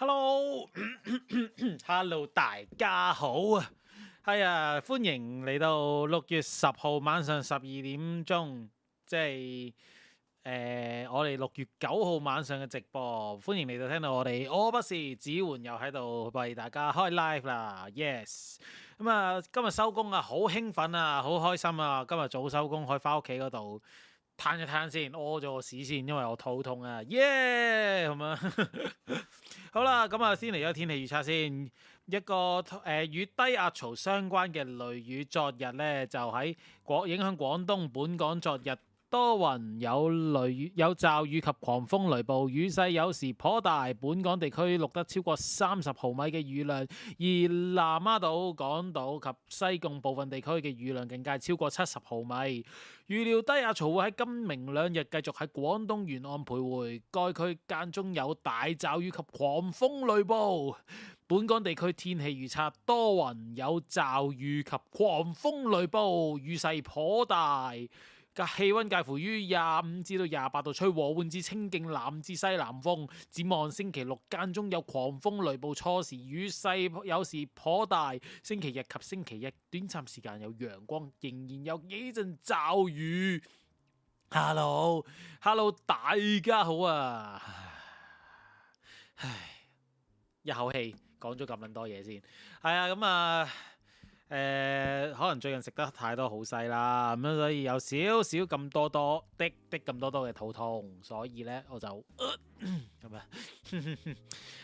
Hello，Hello， Hello，大家好啊，係 啊、哎，歡迎嚟到六月十號晚上十二點鐘，即係誒、呃，我哋六月九號晚上嘅直播，歡迎嚟到聽到我哋 Hey. 我不是子桓又喺度為大家開 live 啦，Yes，咁、嗯、啊，今日收工啊，好興奮啊，好開心啊，今日早收工可以翻屋企嗰度。攤一攤先，屙咗個屎先，因為我肚痛啊，耶咁樣， 好啦，咁啊先嚟咗天氣預測先，一個誒、呃、與低壓槽相關嘅雷雨，昨日咧就喺廣影響廣東本港，昨日。多雲，有雷雨、有驟雨及狂風雷暴，雨勢有時頗大。本港地區錄得超過三十毫米嘅雨量，而南丫島、港島及西貢部分地區嘅雨量更加超過七十毫米。預料低壓槽會喺今明兩日繼續喺廣東沿岸徘徊，該區間中有大驟雨及狂風雷暴。本港地區天氣預測：多雲，有驟雨及狂風雷暴，雨勢頗大。個氣溫介乎於廿五至到廿八度，吹和緩至清勁南至西南風。展望星期六間中有狂風雷暴，初時雨勢有時頗大。星期日及星期一短暫時間有陽光，仍然有幾陣驟雨。Hello，Hello，hello，大家好啊！唉，一口氣講咗咁多嘢先。係、哎、啊，咁啊。Uh, 誒，可能最近食得太多好細啦，咁樣所以有少少咁多多滴滴咁多多嘅肚痛，所以咧我就咁、呃、啊，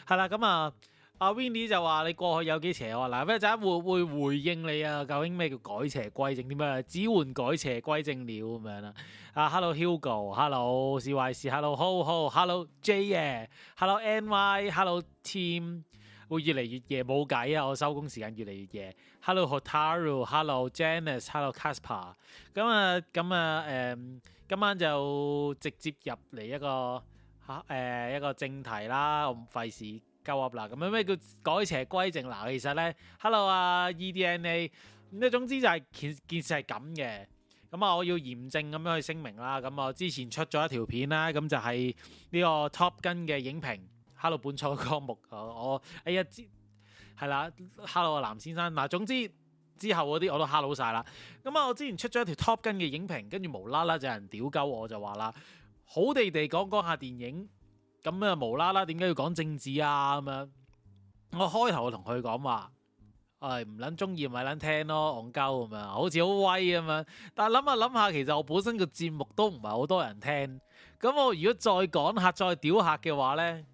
係啦，咁啊，阿 Windy 就話你過去有幾邪，我嗱嗱，一陣間會會回應你啊？究竟咩叫改邪歸正？點啊？只換改邪歸正了咁樣啦。啊，Hello Hugo，Hello 是壞事，Hello 好好，Hello o h Jay，Hello NY，Hello Team。會、哦、越嚟越夜冇計啊！我收工時間越嚟越夜。Hello Hotaru，Hello Janice，Hello Casper。咁啊，咁、嗯、啊，誒、嗯嗯，今晚就直接入嚟一個嚇誒、啊嗯、一個正題啦。我唔費事鳩噏啦。咁咩咩叫改邪歸正嗱？其實咧，Hello 啊 EDNA。咁啊，總之就係件件事係咁嘅。咁、嗯、啊，我要嚴正咁樣去聲明啦。咁、嗯、啊，之前出咗一條片啦，咁、嗯、就係、是、呢個 Top Gun 嘅影評。Hello，本草綱目我哎呀，係啦。Hello，阿藍先生嗱，總之之後嗰啲我都 Hello 晒啦。咁啊，我之前出咗一條 Top Gun 嘅影評，跟住無啦啦就有人屌鳩我就，就話啦好地地講講下電影咁啊，無啦啦點解要講政治啊咁樣？我開頭同佢講話誒，唔捻中意咪捻聽咯，戇鳩咁樣好似好威咁樣。但係諗下諗下，其實我本身個節目都唔係好多人聽咁。我如果再講下再屌下嘅話咧？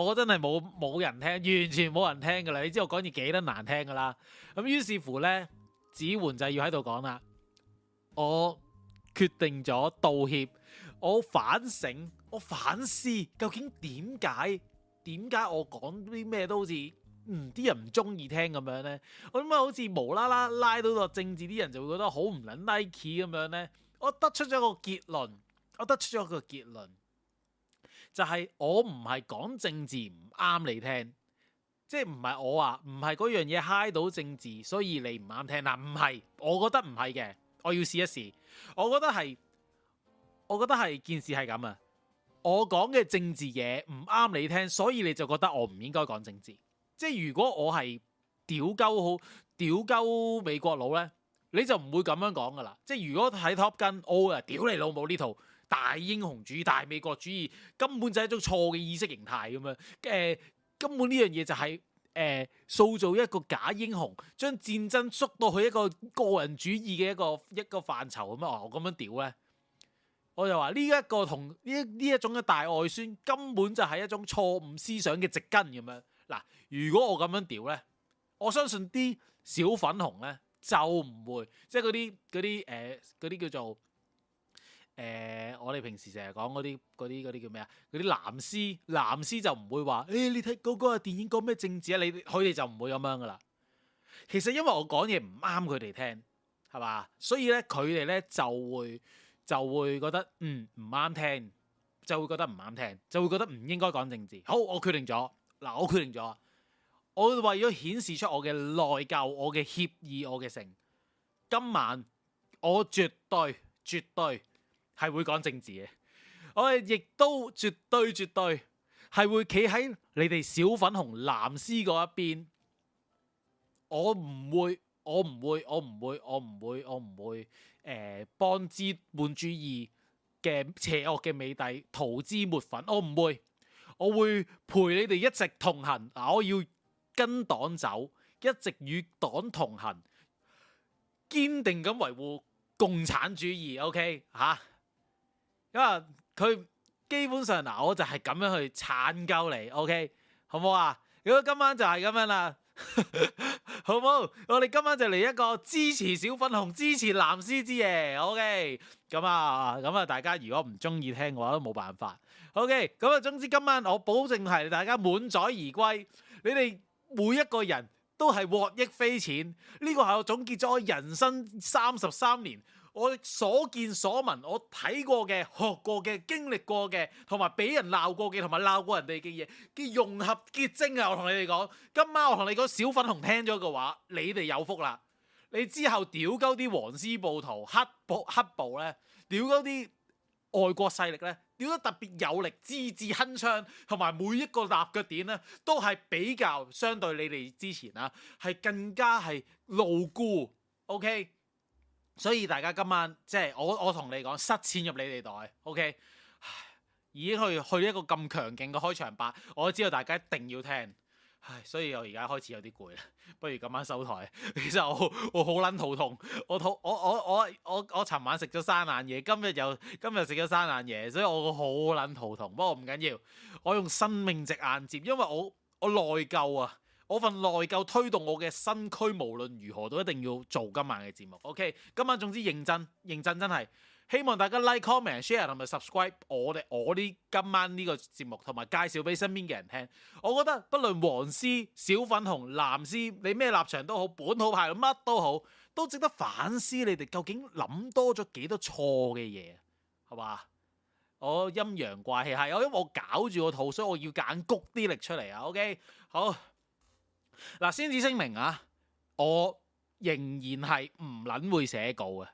我真係冇冇人聽，完全冇人聽噶啦！你知我講嘢幾得難聽噶啦，咁於是乎咧，子桓就要喺度講啦。我決定咗道歉，我反省，我反思，究竟點解點解我講啲咩都好似唔啲人唔中意聽咁樣咧？我點解好似無啦啦拉到個政治啲人就會覺得好唔捻 Nike 咁樣咧？我得出咗個結論，我得出咗個結論。就係我唔係講政治唔啱你聽，即係唔係我啊？唔係嗰樣嘢嗨到政治，所以你唔啱聽嗱，唔、啊、係，我覺得唔係嘅，我要試一試。我覺得係，我覺得係件事係咁啊！我講嘅政治嘢唔啱你聽，所以你就覺得我唔應該講政治。即係如果我係屌鳩好屌鳩美國佬呢，你就唔會咁樣講噶啦。即係如果喺 Top Gun O 啊，屌你老母呢套！大英雄主義、大美國主義根本就係一種錯嘅意識形態咁樣。誒、呃，根本呢樣嘢就係、是、誒、呃、塑造一個假英雄，將戰爭縮，縮到去一個個人主義嘅一個一個範疇咁啊！我咁樣屌呢，我就話呢一個同呢呢一,一種嘅大外宣根本就係一種錯誤思想嘅植根咁樣。嗱、啊，如果我咁樣屌呢，我相信啲小粉紅呢，就唔會，即係啲啲誒嗰啲叫做。誒、呃，我哋平時成日講嗰啲啲啲叫咩啊？嗰啲藍絲藍絲就唔會話誒、欸，你睇嗰嗰個電影講咩政治啊？你佢哋就唔會咁樣噶啦。其實因為我講嘢唔啱佢哋聽，係嘛，所以咧佢哋咧就會就會覺得嗯唔啱聽，就會覺得唔啱聽，就會覺得唔應該講政治。好，我決定咗嗱，我決定咗，我為咗顯示出我嘅內疚、我嘅歉意、我嘅誠，今晚我絕對絕對，係會講政治嘅，我哋亦都絕對絕對係會企喺你哋小粉紅藍絲嗰一邊。我唔會，我唔會，我唔會，我唔會，我唔會，誒，幫資本主義嘅邪惡嘅美帝塗脂抹粉，我唔會。我會陪你哋一直同行，嗱，我要跟黨走，一直與黨同行，堅定咁維護共產主義。OK 吓。咁啊，佢基本上嗱，我就係咁樣去慘救你，OK，好唔好啊？如果今晚就係咁樣啦， 好唔好？我哋今晚就嚟一個支持小粉紅，支持藍獅之夜。o k 咁啊，咁啊，大家如果唔中意聽嘅話都冇辦法，OK。咁啊，總之今晚我保證係大家滿載而歸，你哋每一個人都係獲益匪淺。呢個係我總結咗人生三十三年。我所見所聞，我睇過嘅、學過嘅、經歷過嘅，同埋俾人鬧過嘅，同埋鬧過人哋嘅嘢嘅融合結晶啊！我同你哋講，今晚我同你講小粉紅聽咗嘅話，你哋有福啦！你之後屌鳩啲黃絲暴徒、黑暴黑暴咧，屌鳩啲外國勢力呢，屌得特別有力、字字鏗鏘，同埋每一個立腳點呢，都係比較相對你哋之前啊，係更加係牢固。OK。所以大家今晚即係、就是、我我同你講，塞錢入你哋袋，OK？唉，已經去去一個咁強勁嘅開場白，我都知道大家一定要聽。唉，所以我而家開始有啲攰啦，不如今晚收台。其實我我好撚肚痛，我肚我我我我我尋晚食咗生冷嘢，今日又今日食咗生冷嘢，所以我好撚肚痛。不過唔緊要，我用生命值眼接，因為我我內疚啊。我份內疚推動我嘅身軀，無論如何都一定要做今晚嘅節目。OK，今晚總之認真認真真係希望大家 like、comment、share 同埋 subscribe 我哋我呢今晚呢個節目，同埋介紹俾身邊嘅人聽。我覺得不論黃絲、小粉紅、藍絲，你咩立場都好，本土派乜都好，都值得反思。你哋究竟諗多咗幾多錯嘅嘢？好吧，我陰陽怪氣係，我因為我搞住個肚，所以我要揀谷啲力出嚟啊。OK，好。嗱，先至聲明啊，我仍然係唔撚會寫稿嘅，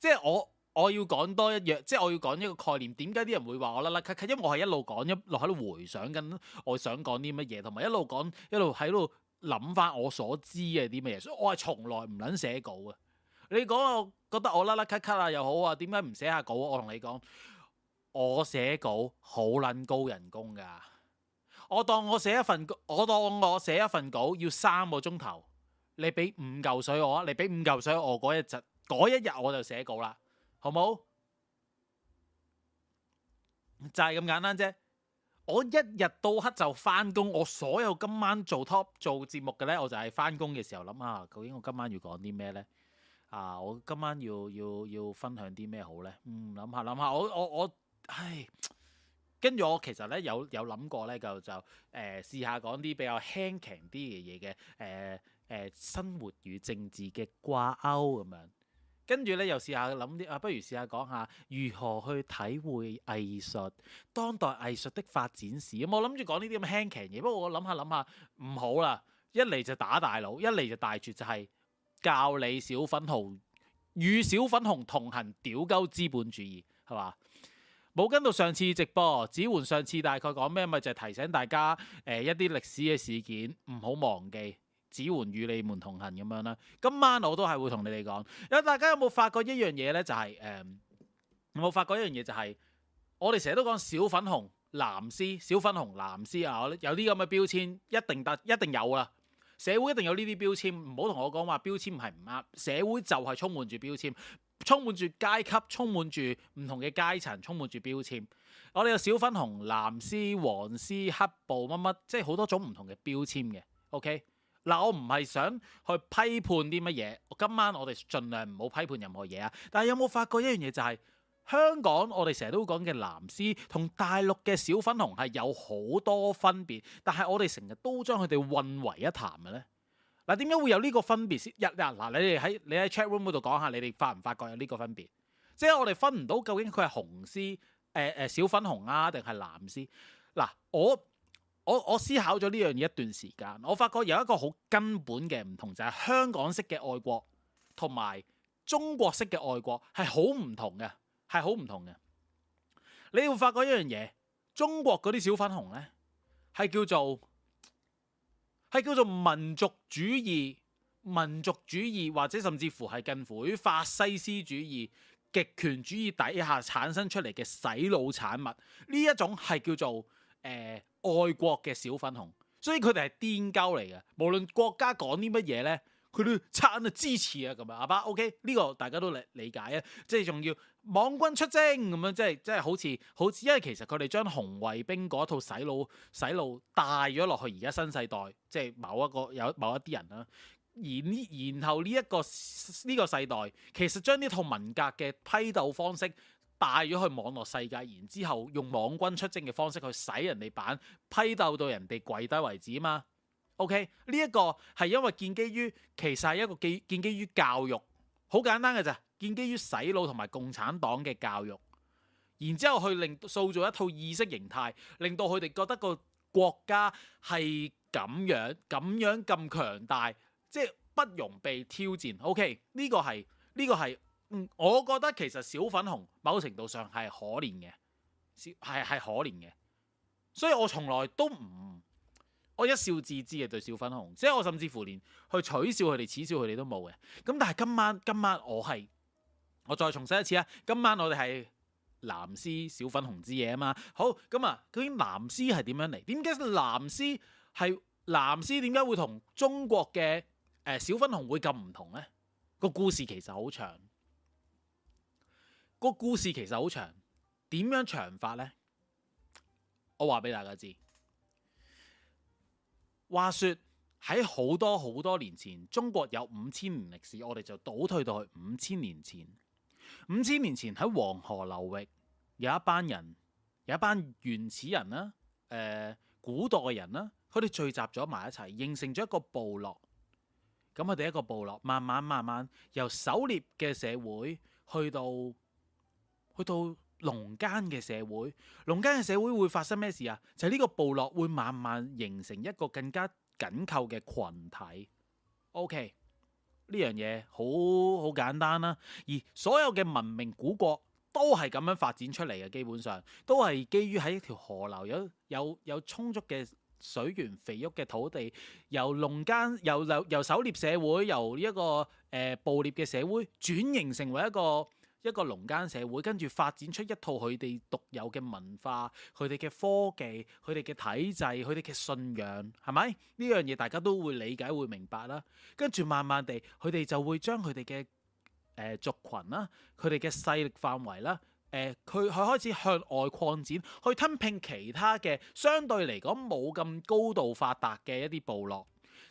即係我我要講多一樣，即係我要講一個概念，點解啲人會話我甩甩咳咳？因為我係一路講一路喺度回想緊，我想講啲乜嘢，同埋一路講一路喺度諗翻我所知嘅啲乜嘢，所以我係從來唔撚寫稿嘅。你講我覺得我甩甩咳咳啊又好啊，點解唔寫下稿啊？我同你講，我寫稿好撚高人工噶。我當我寫一份，我當我寫一份稿要三個鐘頭，你俾五嚿水我，你俾五嚿水我，嗰一集嗰一日我就寫稿啦，好冇？就係咁簡單啫。我一日到黑就翻工，我所有今晚做 top 做節目嘅呢,我就係翻工嘅時候諗下，究竟我今晚要講啲咩呢？啊，我今晚要要要分享啲咩好呢？嗯，諗下諗下，我我我，唉。跟住我其實咧有有諗過咧就就誒試下講啲比較輕強啲嘅嘢嘅誒誒生活與政治嘅掛鈎咁樣，跟住咧又試下諗啲啊，不如試下講下如何去體會藝術、當代藝術的發展史。咁、嗯、我諗住講呢啲咁輕強嘢，不過我諗下諗下唔好啦，一嚟就打大佬，一嚟就大絕就係教你小粉紅與小粉紅同行屌鳩資本主義，係嘛？冇跟到上次直播，子桓上次大概講咩咪就係、是、提醒大家，誒、呃、一啲歷史嘅事件唔好忘記，子桓與你們同行咁樣啦。今晚我都係會同你哋講，有大家有冇發覺一樣嘢呢？就係誒，有冇發覺一樣嘢、就是？就係我哋成日都講小粉紅藍絲、小粉紅藍絲啊，有啲咁嘅標籤一定得，一定有啦。社會一定有呢啲標籤，唔好同我講話標籤係唔啱，社會就係充滿住標籤。充滿住階級，充滿住唔同嘅階層，充滿住標籤。我哋有小粉紅、藍絲、黃絲、黑布乜乜，即係好多種唔同嘅標籤嘅。OK，嗱，我唔係想去批判啲乜嘢。我今晚我哋盡量唔好批判任何嘢啊。但係有冇發覺一樣嘢就係香港，我哋成日都講嘅藍絲同大陸嘅小粉紅係有好多分別，但係我哋成日都將佢哋混為一談嘅呢。嗱，點解會有呢個分別先？日日，嗱，你哋喺你喺 chat room 嗰度講下，你哋發唔發覺有呢個分別？即係我哋分唔到究竟佢係紅絲誒誒小粉紅啊，定係藍絲？嗱，我我我思考咗呢樣嘢一段時間，我發覺有一個好根本嘅唔同，就係香港式嘅愛國同埋中國式嘅愛國係好唔同嘅，係好唔同嘅。你會發覺一樣嘢，中國嗰啲小粉紅咧係叫做，係叫做民族主義、民族主義或者甚至乎係近乎於法西斯主義、極權主義底下產生出嚟嘅洗腦產物，呢一種係叫做誒、呃、愛國嘅小粉紅，所以佢哋係癲鳩嚟嘅。無論國家講啲乜嘢呢，佢都側眼就支持啊咁啊，係吧 OK 呢個大家都理理解啊，即係仲要。網軍出征咁樣，即係即係好似好似，因為其實佢哋將紅衛兵嗰套洗腦洗腦帶咗落去，而家新世代即係、就是、某一個有某一啲人啦。而呢，然後呢、呢、一個呢、呢個世代其實將呢套文革嘅批鬥方式帶咗去網絡世界，然之後用網軍出征嘅方式去洗人哋版，批鬥到人哋跪低為止啊嘛。OK，呢一個係因為建基於其實係一個基建基於教育，好簡單嘅咋。建基於洗腦同埋共產黨嘅教育，然之後去令塑造一套意識形態，令到佢哋覺得個國家係咁樣，咁樣咁強大，即係不容被挑戰。OK，呢個係呢個係，嗯，我覺得其實小粉紅某程度上係可憐嘅，係係可憐嘅，所以我從來都唔，我一笑置之嘅對小粉紅，即係我甚至乎連去取笑佢哋、恥笑佢哋都冇嘅。咁但係今晚，今晚我係。我再重新一次啊！今晚我哋係「藍絲小粉紅之夜」啊嘛，好咁啊、嗯！究竟藍絲係點樣嚟？點解藍絲係藍絲？點解會同中國嘅誒、呃、小粉紅會咁唔同呢？個故事其實好長，個故事其實好長，點樣長法呢？我話俾大家知。話説喺好多好多年前，中國有五千年歷史，我哋就倒退到去五千年前。五千年前喺黃河流域有一班人，有一班原始人啦、呃，古代嘅人啦，佢哋聚集咗埋一齊，形成咗一個部落。咁佢哋一個部落，慢慢慢慢由狩獵嘅社會去到去到農耕嘅社會。農耕嘅社會會發生咩事啊？就係、是、呢個部落會慢慢形成一個更加緊扣嘅群體。OK。呢樣嘢好好簡單啦，而所有嘅文明古國都係咁樣發展出嚟嘅，基本上都係基於喺一條河流有有有充足嘅水源、肥沃嘅土地，由農耕由由由狩獵社會由一個誒捕獵嘅社會轉型成為一個。一個農耕社會，跟住發展出一套佢哋獨有嘅文化、佢哋嘅科技、佢哋嘅體制、佢哋嘅信仰，係咪呢樣嘢？大家都會理解、會明白啦。跟住慢慢地，佢哋就會將佢哋嘅族群啦、佢哋嘅勢力範圍啦、佢、呃、會開始向外擴展，去吞併其他嘅相對嚟講冇咁高度發達嘅一啲部落，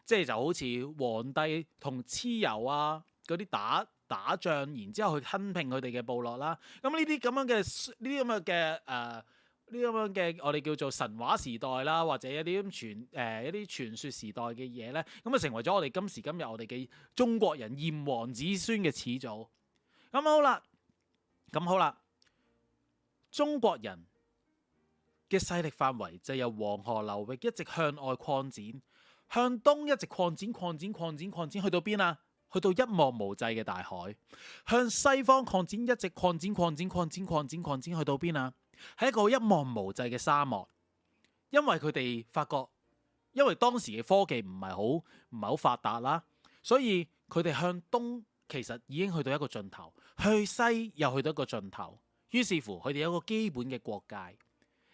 即係就好似黃帝同蚩尤啊嗰啲打。打仗，然之後去吞併佢哋嘅部落啦。咁呢啲咁樣嘅呢啲咁嘅嘅誒，呢啲咁樣嘅、呃、我哋叫做神話時代啦，或者一啲咁傳誒一啲傳說時代嘅嘢咧，咁啊成為咗我哋今時今日我哋嘅中國人炎黃子孫嘅始祖。咁、嗯、好啦，咁、嗯、好啦，中國人嘅勢力範圍就由黃河流域一直向外擴展，向東一直擴展、擴展、擴展、擴展、擴展，去到邊啊？去到一望無際嘅大海，向西方擴展，一直擴展、擴展、擴展、擴展、擴展、擴展、擴展去到邊啊？係一個一望無際嘅沙漠，因為佢哋發覺，因為當時嘅科技唔係好唔係好發達啦，所以佢哋向東其實已經去到一個盡頭，去西又去到一個盡頭，於是乎佢哋有一個基本嘅國界，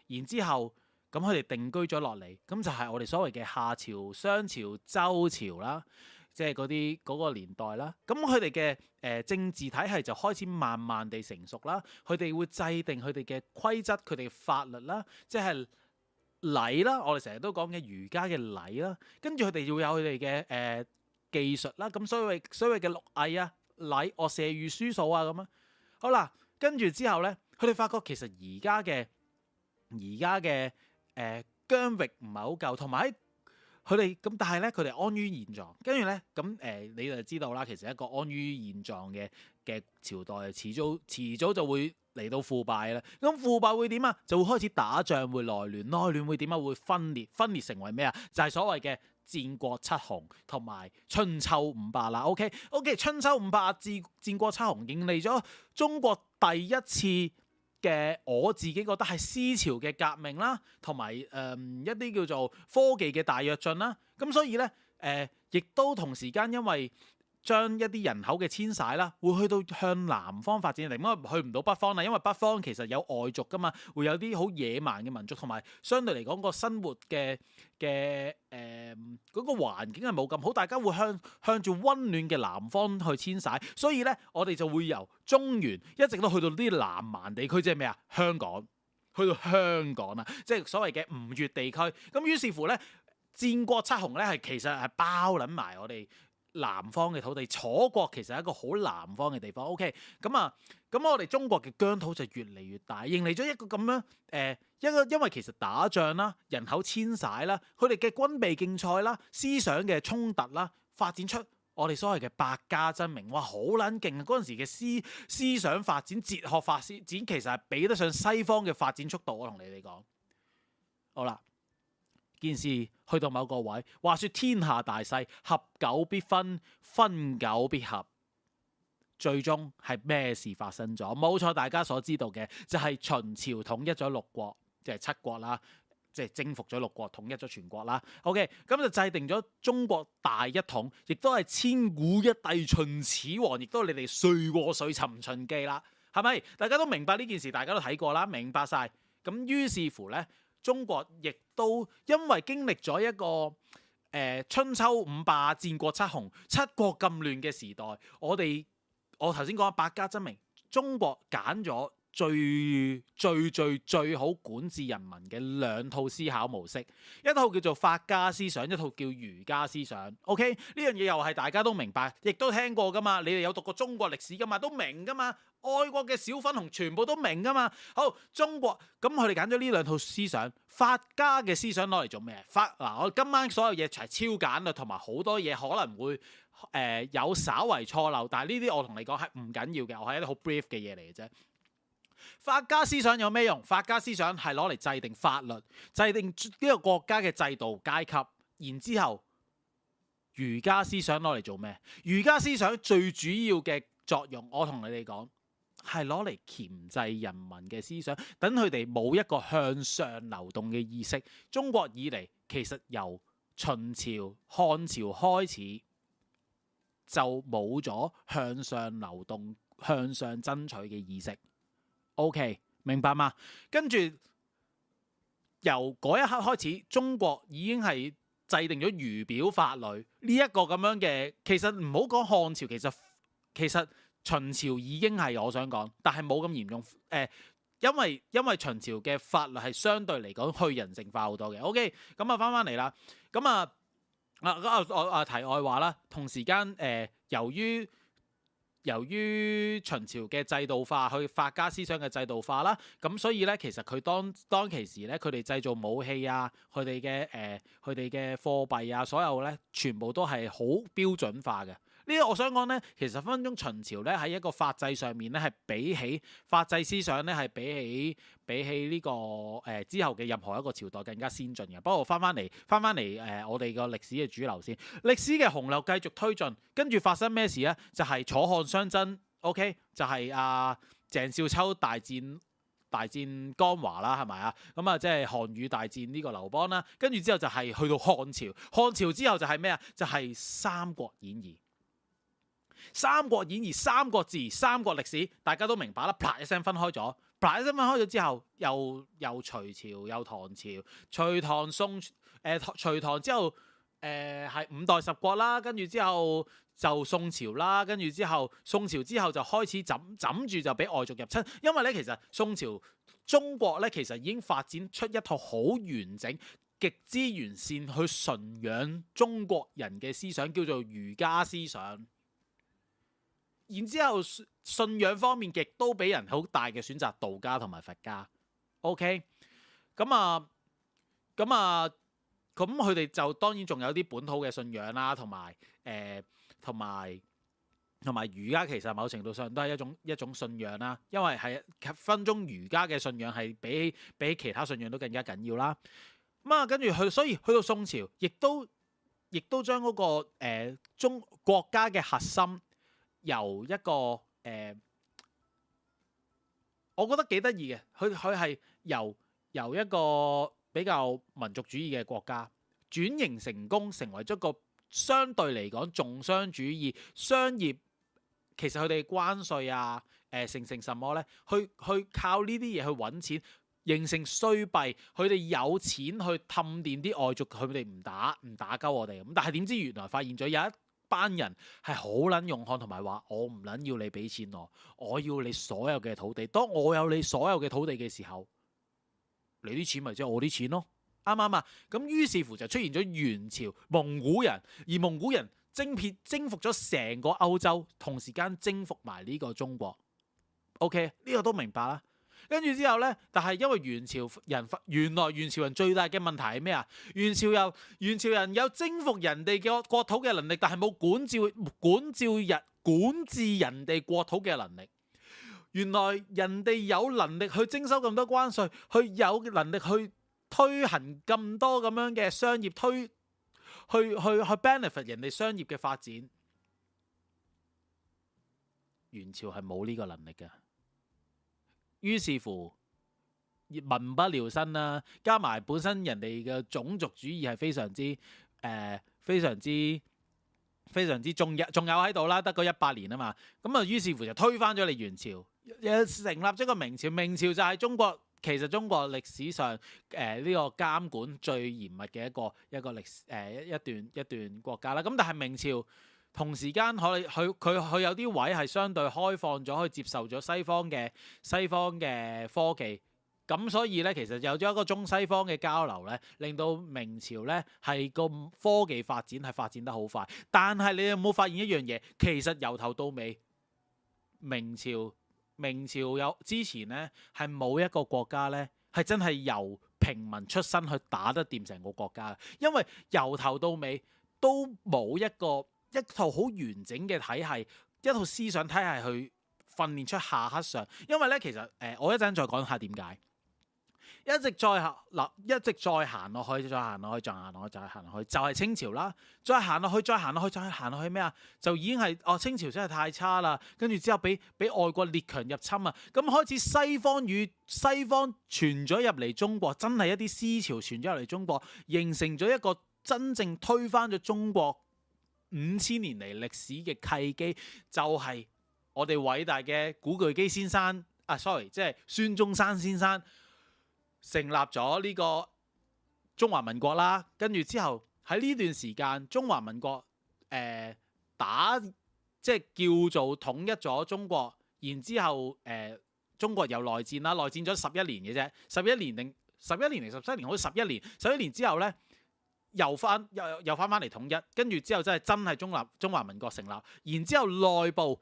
然之後咁佢哋定居咗落嚟，咁就係、是、我哋所謂嘅夏朝、商朝、周朝啦。即係嗰啲嗰個年代啦，咁佢哋嘅誒政治體系就開始慢慢地成熟啦，佢哋會制定佢哋嘅規則、佢哋嘅法律啦，即係禮啦，我哋成日都講嘅儒家嘅禮啦，跟住佢哋要有佢哋嘅誒技術啦，咁所謂所謂嘅六藝啊，禮、樂、射、御、書、數啊咁啊，好啦，跟住之後呢，佢哋發覺其實而家嘅而家嘅誒疆域唔係好夠，同埋，佢哋咁，但係呢，佢哋安於現狀，跟住呢，咁誒、呃，你就知道啦。其實一個安於現狀嘅嘅朝代，遲早遲早就會嚟到腐敗啦。咁腐敗會點啊？就會開始打仗，會內亂，內亂會點啊？會分裂，分裂成為咩啊？就係、是、所謂嘅戰國七雄同埋春秋五霸啦。OK，OK，OK? OK, 春秋五霸至戰，戰國七雄迎嚟咗中國第一次。嘅我自己覺得係思潮嘅革命啦，同埋誒一啲叫做科技嘅大躍進啦，咁所以呢，誒、呃、亦都同時間因為。將一啲人口嘅遷徙啦，會去到向南方發展嚟，因為去唔到北方啦，因為北方其實有外族噶嘛，會有啲好野蠻嘅民族，同埋相對嚟講個生活嘅嘅誒嗰個環境係冇咁好，大家會向向住溫暖嘅南方去遷徙，所以呢，我哋就會由中原一直都去到啲南蠻地區，即係咩啊？香港，去到香港啦，即係所謂嘅吳越地區。咁於是乎呢，戰國七雄呢，係其實係包撚埋我哋。南方嘅土地，楚國其實係一個好南方嘅地方。OK，咁啊，咁我哋中國嘅疆土就越嚟越大，迎嚟咗一個咁樣，誒、呃，一個因為其實打仗啦、人口遷徙啦、佢哋嘅軍備競賽啦、思想嘅衝突啦，發展出我哋所謂嘅百家爭鳴，哇，好捻勁啊！嗰陣時嘅思思想發展、哲學發展，其實係比得上西方嘅發展速度。我同你哋講，好啦。件事去到某個位，話説天下大勢，合久必分，分久必合，最終係咩事發生咗？冇錯，大家所知道嘅就係、是、秦朝統一咗六國，即係七國啦，即係征服咗六國，統一咗全國啦。OK，咁就制定咗中國大一統，亦都係千古一帝秦始皇，亦都係你哋睡過水尋秦記啦，係咪？大家都明白呢件事，大家都睇過啦，明白晒。咁於是乎呢。中國亦都因為經歷咗一個誒、呃、春秋五霸、戰國七雄、七國咁亂嘅時代，我哋我頭先講百家爭鳴，中國揀咗最最最最好管治人民嘅兩套思考模式，一套叫做法家思想，一套叫儒家思想。OK，呢樣嘢又係大家都明白，亦都聽過㗎嘛？你哋有讀過中國歷史㗎嘛？都明㗎嘛？外國嘅小粉紅全部都明噶嘛？好，中國咁佢哋揀咗呢兩套思想，法家嘅思想攞嚟做咩？法嗱、嗯、我今晚所有嘢齊係超簡略，同埋好多嘢可能會誒、呃、有稍為錯漏，但係呢啲我同你講係唔緊要嘅，我係一啲好 brief 嘅嘢嚟嘅啫。法家思想有咩用？法家思想係攞嚟制定法律、制定呢個國家嘅制度、階級，然之後儒家思想攞嚟做咩？儒家思想最主要嘅作用，我同你哋講。係攞嚟鉗制人民嘅思想，等佢哋冇一個向上流動嘅意識。中國以嚟其實由秦朝、漢朝開始就冇咗向上流動、向上爭取嘅意識。OK，明白嗎？跟住由嗰一刻開始，中國已經係制定咗儒表法律呢一個咁樣嘅。其實唔好講漢朝，其實其實。秦朝已經係我想講，但係冇咁嚴重誒、呃，因為因為秦朝嘅法律係相對嚟講去人性化好多嘅。OK，咁、嗯嗯、啊翻翻嚟啦，咁啊啊我啊題外話啦，同時間誒、呃、由於由於秦朝嘅制度化，去法家思想嘅制度化啦，咁、嗯、所以咧其實佢當當其時咧，佢哋製造武器啊，佢哋嘅誒、佢哋嘅貨幣啊，所有咧全部都係好標準化嘅。呢個我想講呢，其實分分鐘秦朝呢，喺一個法制上面呢，係比起法制思想呢，係比起比起呢、這個誒、呃、之後嘅任何一個朝代更加先進嘅。不過翻翻嚟，翻翻嚟誒，我哋個歷史嘅主流先歷史嘅洪流繼續推進，跟住發生咩事呢？就係、是、楚漢相爭，OK，就係阿、啊、鄭少秋大戰大戰江華啦，係咪啊？咁啊，即係項羽大戰呢個劉邦啦。跟住之後就係去到漢朝，漢朝之後就係咩啊？就係、是《三國演義》。《三國演義》《三國志》，三國歷史，大家都明白啦。啪一聲分開咗，啪一聲分開咗之後，又又隋朝，又唐朝，隋唐宋誒，隋、呃、唐之後誒係、呃、五代十國啦，跟住之後就宋朝啦，跟住之後宋朝之後就開始枕枕住就俾外族入侵，因為咧其實宋朝中國咧其實已經發展出一套好完整、極之完善去馴養中國人嘅思想，叫做儒家思想。然之後，信仰方面亦都俾人好大嘅選擇，道家同埋佛家。OK，咁、嗯、啊，咁、嗯、啊，咁佢哋就當然仲有啲本土嘅信仰啦，同埋誒，同埋同埋儒家其實某程度上都係一種一種信仰啦，因為係分中儒家嘅信仰係比起比起其他信仰都更加緊要啦。咁、嗯、啊，跟住去，所以去到宋朝，亦都亦都將嗰、那個、呃、中國家嘅核心。由一個誒、呃，我覺得幾得意嘅，佢佢係由由一個比較民族主義嘅國家轉型成功，成為咗個相對嚟講重商主義、商業，其實佢哋關稅啊、誒、呃、成成什麼咧，去去靠呢啲嘢去揾錢，形成歲幣，佢哋有錢去氹掂啲外族，佢哋唔打唔打鳩我哋，咁但係點知原來發現咗有一。班人係好撚勇悍，同埋話我唔撚要你俾錢我，我要你所有嘅土地。當我有你所有嘅土地嘅時候，你啲錢咪即係我啲錢咯，啱唔啱啊？咁於是乎就出現咗元朝蒙古人，而蒙古人征騙征服咗成個歐洲，同時間征服埋呢個中國。OK，呢個都明白啦。跟住之後呢，但係因為元朝人，原來元朝人最大嘅問題係咩啊？元朝有元朝人有征服人哋嘅國土嘅能力，但係冇管照管照人管治人哋國土嘅能力。原來人哋有能力去徵收咁多關稅，去有能力去推行咁多咁樣嘅商業推，去去去 benefit 人哋商業嘅發展。元朝係冇呢個能力嘅。於是乎民不聊生啦、啊，加埋本身人哋嘅種族主義係非常之誒、呃，非常之非常之仲有仲有喺度啦，得嗰一百年啊嘛，咁啊於是乎就推翻咗你元朝，成立咗個明朝。明朝就係中國其實中國歷史上誒呢、呃這個監管最嚴密嘅一個一個歷史誒、呃、一段一段國家啦。咁但係明朝。同時間佢佢佢有啲位係相對開放咗，去接受咗西方嘅西方嘅科技。咁所以呢，其實有咗一個中西方嘅交流呢，令到明朝呢係個科技發展係發展得好快。但係你有冇發現一樣嘢？其實由頭到尾，明朝明朝有之前呢係冇一個國家呢係真係由平民出身去打得掂成個國家，因為由頭到尾都冇一個。一套好完整嘅體系，一套思想體係去訓練出下克上，因為咧其實誒、呃、我一陣再講下點解。一直再行嗱，一直再行落去，再行落去，再行落去，再行落去，就係、是、清朝啦。再行落去，再行落去，再行落去咩啊？就已經係哦，清朝真係太差啦。跟住之後俾俾外國列強入侵啊，咁開始西方與西方傳咗入嚟中國，真係一啲思潮傳咗入嚟中國，形成咗一個真正推翻咗中國。五千年嚟歷史嘅契機，就係我哋偉大嘅古巨基先生啊，sorry，即係孫中山先生成立咗呢個中華民國啦。跟住之後喺呢段時間，中華民國誒、呃、打即係、就是、叫做統一咗中國，然之後誒、呃、中國又內戰啦，內戰咗十一年嘅啫，十一年定十一年定十七年，好似十一年，十一年之後呢。又翻又又翻翻嚟統一，跟住之後真係真係中立中華民國成立，然之後內部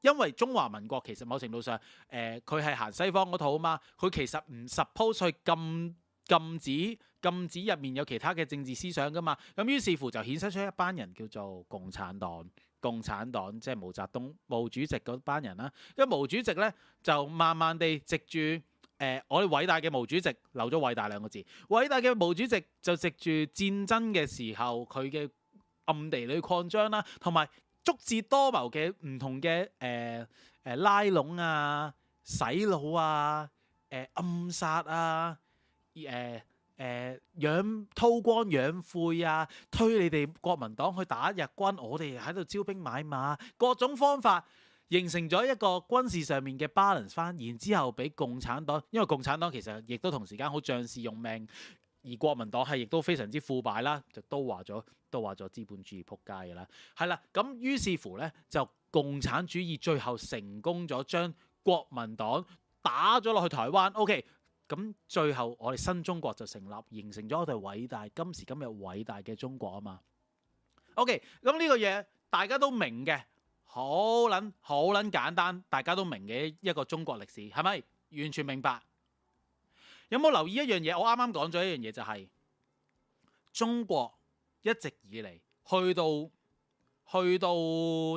因為中華民國其實某程度上誒佢係行西方嗰套啊嘛，佢其實唔 suppose 去禁止禁止禁止入面有其他嘅政治思想噶嘛，咁於是乎就衍生出一班人叫做共產黨，共產黨即係毛澤東毛主席嗰班人啦，因為毛主席咧就慢慢地藉住。誒、呃，我哋偉大嘅毛主席留咗偉大兩個字，偉大嘅毛主席就藉住戰爭嘅時候，佢嘅暗地裏擴張啦，同埋足智多謀嘅唔同嘅誒誒拉攏啊、洗腦啊、誒、呃、暗殺啊、誒誒養韜光養晦啊，推你哋國民黨去打日軍，我哋喺度招兵買馬，各種方法。形成咗一個軍事上面嘅巴 a l 翻，然之後俾共產黨，因為共產黨其實亦都同時間好仗士用命，而國民黨係亦都非常之腐敗啦，就都話咗，都話咗資本主義撲街嘅啦，係啦，咁於是乎呢，就共產主義最後成功咗將國民黨打咗落去台灣，OK，咁最後我哋新中國就成立，形成咗我哋偉大今時今日偉大嘅中國啊嘛，OK，咁呢個嘢大家都明嘅。好捻好捻簡單，大家都明嘅一個中國歷史係咪？完全明白？有冇留意一樣嘢？我啱啱講咗一樣嘢，就是，就係中國一直以嚟，去到去到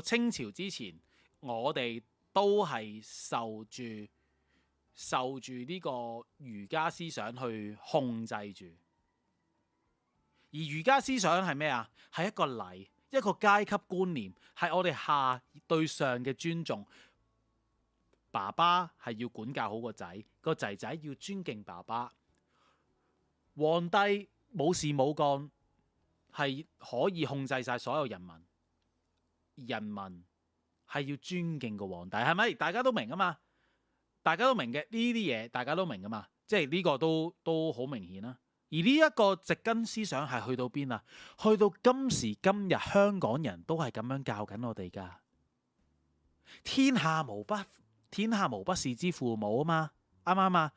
清朝之前，我哋都係受住受住呢個儒家思想去控制住。而儒家思想係咩啊？係一個禮。一個階級觀念，係我哋下對上嘅尊重，爸爸係要管教好個仔，個仔仔要尊敬爸爸。皇帝冇事冇乾，係可以控制晒所有人民，人民係要尊敬個皇帝，係咪？大家都明啊嘛，大家都明嘅，呢啲嘢，大家都明啊嘛，即係呢個都都好明顯啦。而呢一個植根思想係去到邊啊？去到今時今日，香港人都係咁樣教緊我哋噶。天下無不天下無不是之父母啊嘛，啱唔啱啊？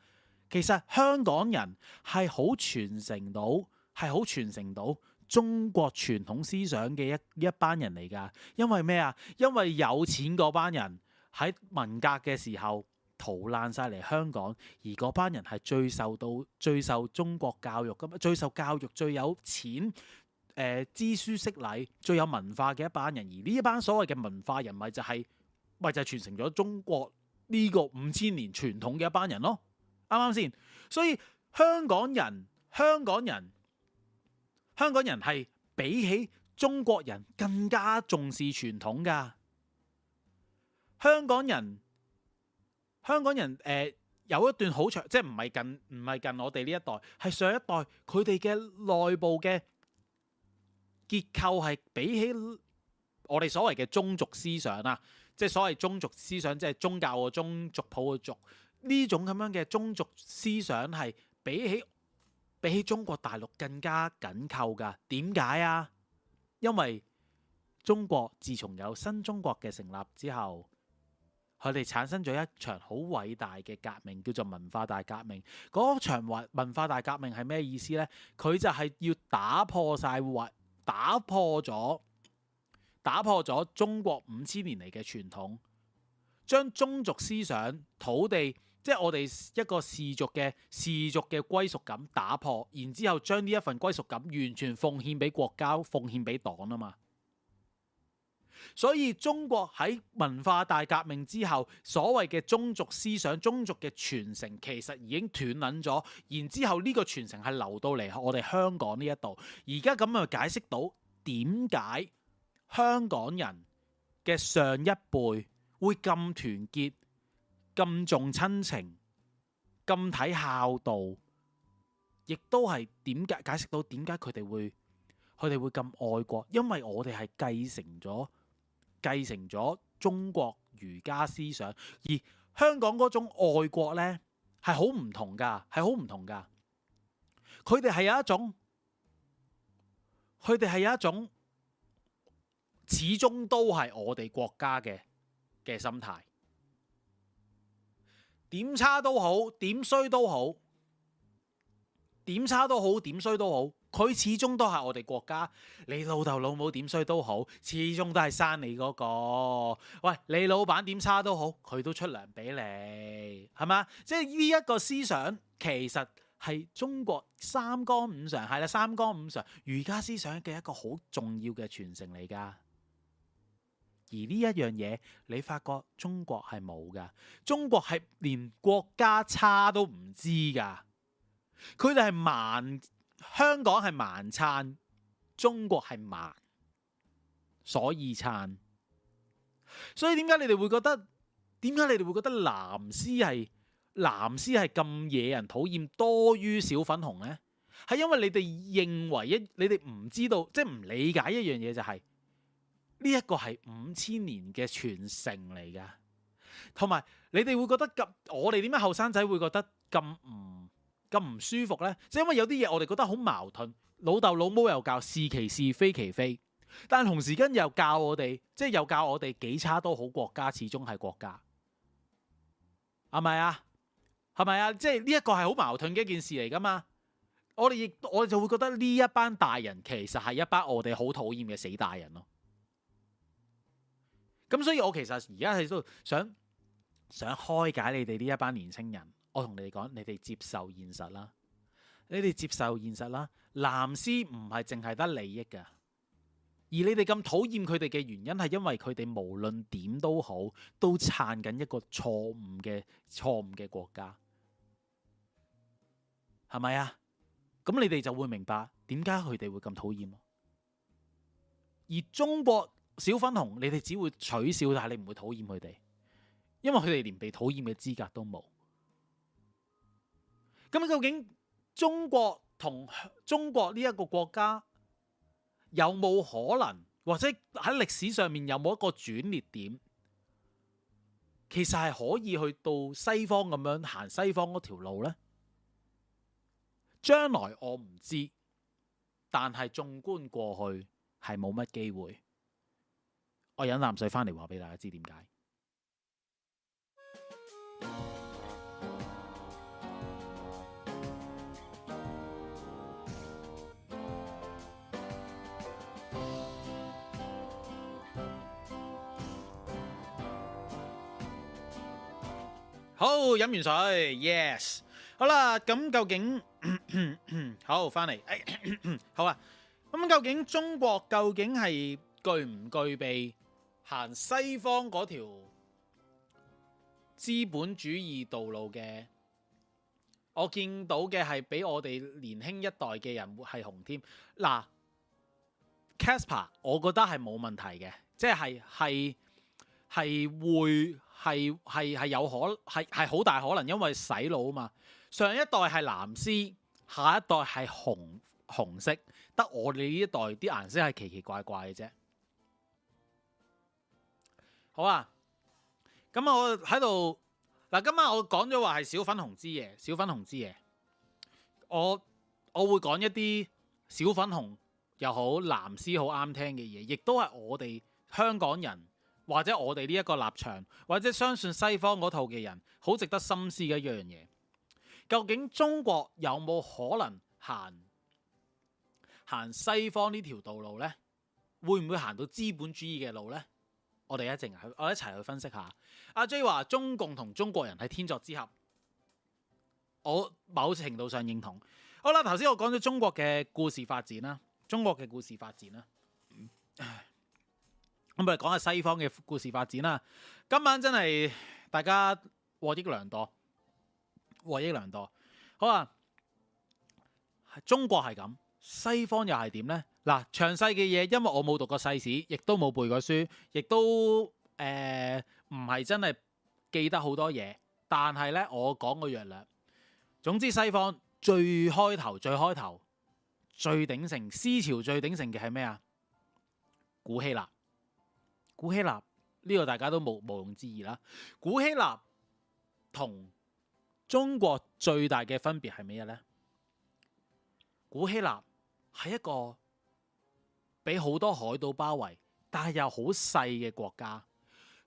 其實香港人係好傳承到，係好傳承到中國傳統思想嘅一一班人嚟噶。因為咩啊？因為有錢嗰班人喺文革嘅時候。逃難晒嚟香港，而嗰班人係最受到、最受中國教育噶，最受教育、最有錢、誒、呃、知書識禮、最有文化嘅一班人，而呢一班所謂嘅文化人物就係、係，唔就係、係、傳承咗中國呢個五千年傳統嘅一班人咯，啱唔啱先？所以香港人、香港人、香港人係比起中國人更加重視傳統噶，香港人。香港人誒、呃、有一段好長，即係唔係近唔係近我哋呢一代，係上一代佢哋嘅內部嘅結構係比起我哋所謂嘅宗族思想啦，即係所謂宗族思想，即係宗教嘅宗族譜嘅族呢種咁樣嘅宗族思想係比起比起中國大陸更加緊扣㗎。點解啊？因為中國自從有新中國嘅成立之後。佢哋產生咗一場好偉大嘅革命，叫做文化大革命。嗰場文化大革命係咩意思呢？佢就係要打破晒，或打破咗、打破咗中國五千年嚟嘅傳統，將宗族思想、土地，即係我哋一個氏族嘅氏族嘅歸屬感打破，然之後將呢一份歸屬感完全奉獻俾國家、奉獻俾黨啊嘛。所以中國喺文化大革命之後，所謂嘅宗族思想、宗族嘅傳承其實已經斷捻咗。然之後呢個傳承係流到嚟我哋香港呢一度，而家咁去解釋到點解香港人嘅上一輩會咁團結、咁重親情、咁睇孝道，亦都係點解解釋到點解佢哋會佢哋會咁愛國，因為我哋係繼承咗。繼承咗中國儒家思想，而香港嗰種愛國呢係好唔同㗎，係好唔同㗎。佢哋係有一種，佢哋係有一種，始終都係我哋國家嘅嘅心態。點差都好，點衰都好，點差都好，點衰都好。佢始終都係我哋國家。你老豆老母點衰都好，始終都係生你嗰、那個。喂，你老闆點差都好，佢都出糧俾你係嘛？即係呢一個思想，其實係中國三綱五常係啦，三綱五常儒家思想嘅一個好重要嘅傳承嚟噶。而呢一樣嘢，你發覺中國係冇噶，中國係連國家差都唔知噶，佢哋係盲。香港係盲撐，中國係盲，所以撐。所以點解你哋會覺得？點解你哋會覺得藍絲係藍絲係咁惹人討厭多於小粉紅呢？係因為你哋認為一，你哋唔知道，即係唔理解一樣嘢，就是，就係呢一個係五千年嘅傳承嚟噶。同埋你哋會覺得咁，我哋點解後生仔會覺得咁唔？咁唔舒服呢？即係因為有啲嘢，我哋覺得好矛盾，老豆老母又教是其是非其非，但同時跟又教我哋，即係又教我哋幾差都好，國家始終係國家，係咪啊？係咪啊？即係呢一個係好矛盾嘅一件事嚟噶嘛。我哋亦我哋就會覺得呢一班大人其實係一班我哋好討厭嘅死大人咯。咁所以，我其實而家喺度想想開解你哋呢一班年青人。我同你哋講，你哋接受現實啦。你哋接受現實啦。藍絲唔係淨係得利益㗎，而你哋咁討厭佢哋嘅原因係因為佢哋無論點都好都撐緊一個錯誤嘅錯誤嘅國家，係咪啊？咁你哋就會明白點解佢哋會咁討厭咯。而中國小粉紅，你哋只會取笑，但係你唔會討厭佢哋，因為佢哋連被討厭嘅資格都冇。咁究竟中國同中國呢一個國家有冇可能，或者喺歷史上面有冇一個轉捩點？其實係可以去到西方咁樣行西方嗰條路呢？將來我唔知，但係縱觀過去係冇乜機會。我飲啖水翻嚟話俾大家知點解。飲完水，yes，好啦，咁、嗯、究竟好翻嚟，好啊，咁、 嗯、究竟中國究竟係具唔具備行西方嗰條資本主義道路嘅？我見到嘅係比我哋年輕一代嘅人係紅添，嗱，Casper，我覺得係冇問題嘅，即係係係會。係係係有可，係係好大可能，因為洗腦啊嘛。上一代係藍絲，下一代係紅紅色，得我哋呢一代啲顏色係奇奇怪怪嘅啫。好啊，咁我喺度嗱，今晚我講咗話係小粉紅之夜。小粉紅之夜，我我會講一啲小粉紅又好，藍絲好啱聽嘅嘢，亦都係我哋香港人。或者我哋呢一個立場，或者相信西方嗰套嘅人，好值得深思嘅一樣嘢。究竟中國有冇可能行行西方呢條道路呢？會唔會行到資本主義嘅路呢？我哋一齊去，我一齊去分析下。阿、啊、J 話中共同中國人係天作之合，我某程度上認同。好啦，頭先我講咗中國嘅故事發展啦，中國嘅故事發展啦。 咁咪講下西方嘅故事發展啦。今晚真係大家獲益良多，獲益良多。好啊，中國係咁，西方又係點呢？嗱，詳細嘅嘢，因為我冇讀過世史，亦都冇背過書，亦都誒唔係真係記得好多嘢。但係呢，我講個約略。總之，西方最開頭、最開頭、最鼎盛、思潮最鼎盛嘅係咩啊？古希臘。古希臘呢，這個大家都無無庸置疑啦。古希臘同中國最大嘅分別係咩呢？古希臘係一個俾好多海島包圍，但係又好細嘅國家。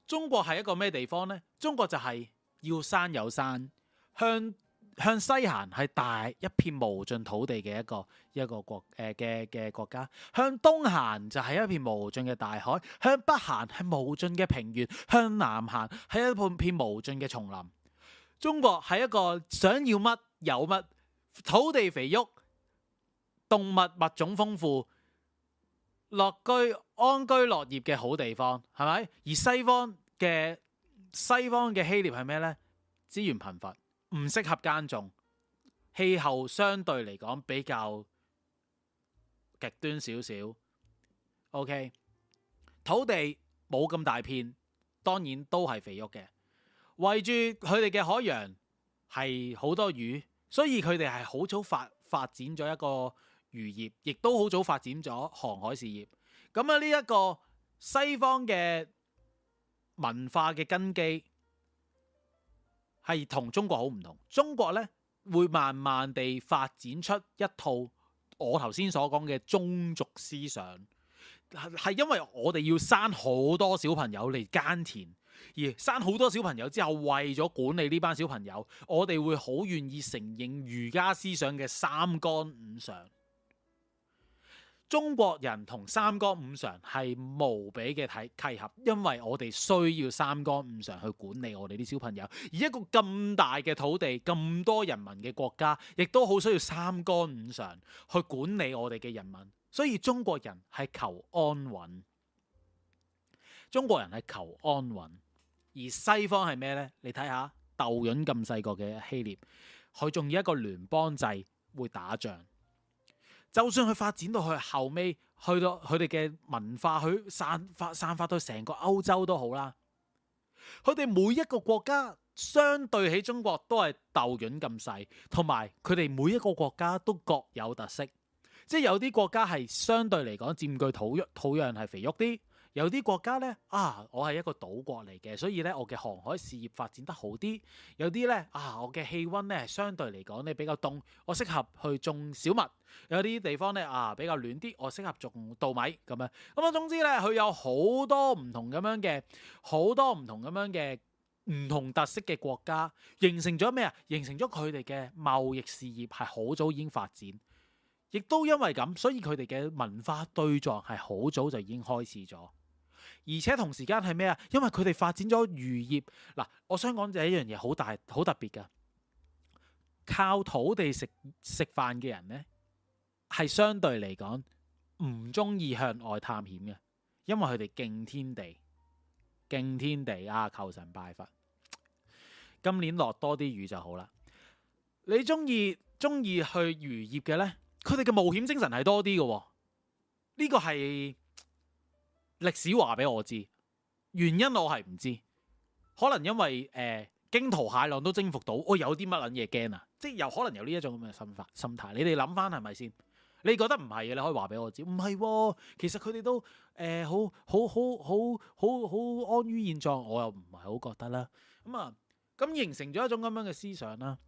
中國係一個咩地方呢？中國就係要山有山，向。向西行係大一片無盡土地嘅一個一個國誒嘅嘅國家，向東行就係一片無盡嘅大海，向北行係無盡嘅平原，向南行係一片片無盡嘅叢林。中國係一個想要乜有乜，土地肥沃，動物物種豐富，樂居安居樂業嘅好地方，係咪？而西方嘅西方嘅希臘係咩呢？資源貧乏。唔適合耕種，氣候相對嚟講比較極端少少。OK，土地冇咁大片，當然都係肥沃嘅。圍住佢哋嘅海洋係好多魚，所以佢哋係好早發發展咗一個漁業，亦都好早發展咗航海事業。咁啊，呢一個西方嘅文化嘅根基，係同中國好唔同，中國呢會慢慢地發展出一套我頭先所講嘅宗族思想，係因為我哋要生好多小朋友嚟耕田，而生好多小朋友之後，為咗管理呢班小朋友，我哋會好願意承認儒家思想嘅三綱五常。中國人同三綱五常係無比嘅契契合，因為我哋需要三綱五常去管理我哋啲小朋友。而一個咁大嘅土地，咁多人民嘅國家，亦都好需要三綱五常去管理我哋嘅人民。所以中國人係求安穩，中國人係求安穩。而西方係咩呢？你睇下，豆膶咁細個嘅希臘，佢仲要一個聯邦制，會打仗。就算佢發展到去後尾，去到佢哋嘅文化，佢散發散發到成個歐洲都好啦。佢哋每一個國家相對起中國都係豆潤咁細，同埋佢哋每一個國家都各有特色，即係有啲國家係相對嚟講佔據土壤土壤係肥沃啲。有啲國家呢，啊，我係一個島國嚟嘅，所以呢，我嘅航海事業發展得好啲。有啲呢，啊，我嘅氣温呢，相對嚟講呢，比較凍，我適合去種小麥。有啲地方呢，啊，比較暖啲，我適合種稻米咁樣。咁啊，總之呢，佢有好多唔同咁樣嘅，好多唔同咁樣嘅唔同特色嘅國家，形成咗咩啊？形成咗佢哋嘅貿易事業係好早已經發展，亦都因為咁，所以佢哋嘅文化對撞係好早就已經開始咗。而且同時間係咩啊？因為佢哋發展咗漁業，嗱，我想講就一樣嘢好大、好特別嘅。靠土地食食飯嘅人呢，係相對嚟講唔中意向外探險嘅，因為佢哋敬天地、敬天地啊，求神拜佛。今年落多啲雨就好啦。你中意中意去漁業嘅呢，佢哋嘅冒險精神係多啲嘅。呢個係。歷史話俾我知，原因我係唔知，可能因為誒、呃、驚濤駭浪都征服到，我、哎、有啲乜撚嘢驚啊？即係有可能有呢一種咁嘅心法心態。你哋諗翻係咪先？你覺得唔係嘅，你可以話俾我知。唔係、哦，其實佢哋都誒、呃、好好好好好好安於現狀，我又唔係好覺得啦。咁、嗯、啊，咁形成咗一種咁樣嘅思想啦。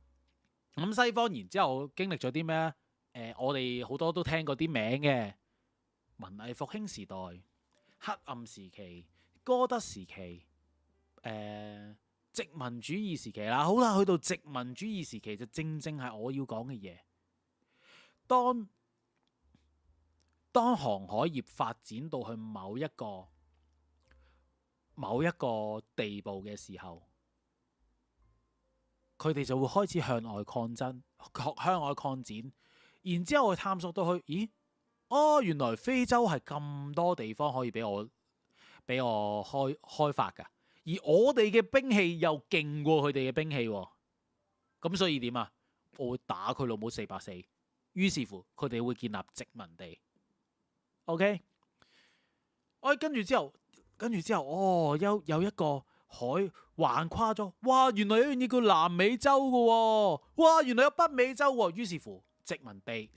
咁西方然之後經歷咗啲咩咧？誒，我哋好多都聽過啲名嘅文藝復興時代。黑暗時期、哥德時期、誒、呃、殖民主義時期啦，好啦，去到殖民主義時期就正正係我要講嘅嘢。當當航海業發展到去某一個某一個地步嘅時候，佢哋就會開始向外擴增、向外擴展，然之後去探索到去，咦？哦，原來非洲係咁多地方可以俾我俾我開開發噶，而我哋嘅兵器又勁過佢哋嘅兵器喎，咁所以點啊？我會打佢老母四百四，於是乎佢哋會建立殖民地。OK，哎，跟住之後，跟住之後，哦，有有一個海橫跨咗，哇！原來有一樣嘢叫南美洲噶喎，哇！原來有北美洲，於是乎殖民地。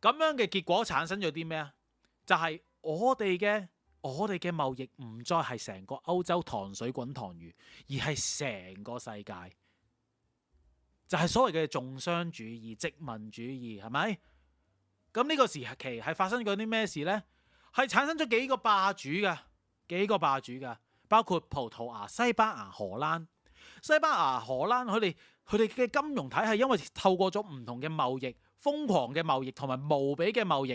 咁樣嘅結果產生咗啲咩啊？就係我哋嘅我哋嘅貿易唔再係成個歐洲糖水滾糖魚，而係成個世界，就係所謂嘅重商主義、殖民主義，係咪？咁呢個時期係發生咗啲咩事呢？係產生咗幾個霸主噶，幾個霸主噶，包括葡萄牙、西班牙、荷蘭、西班牙、荷蘭，佢哋佢哋嘅金融體系因為透過咗唔同嘅貿易。瘋狂嘅貿易同埋無比嘅貿易，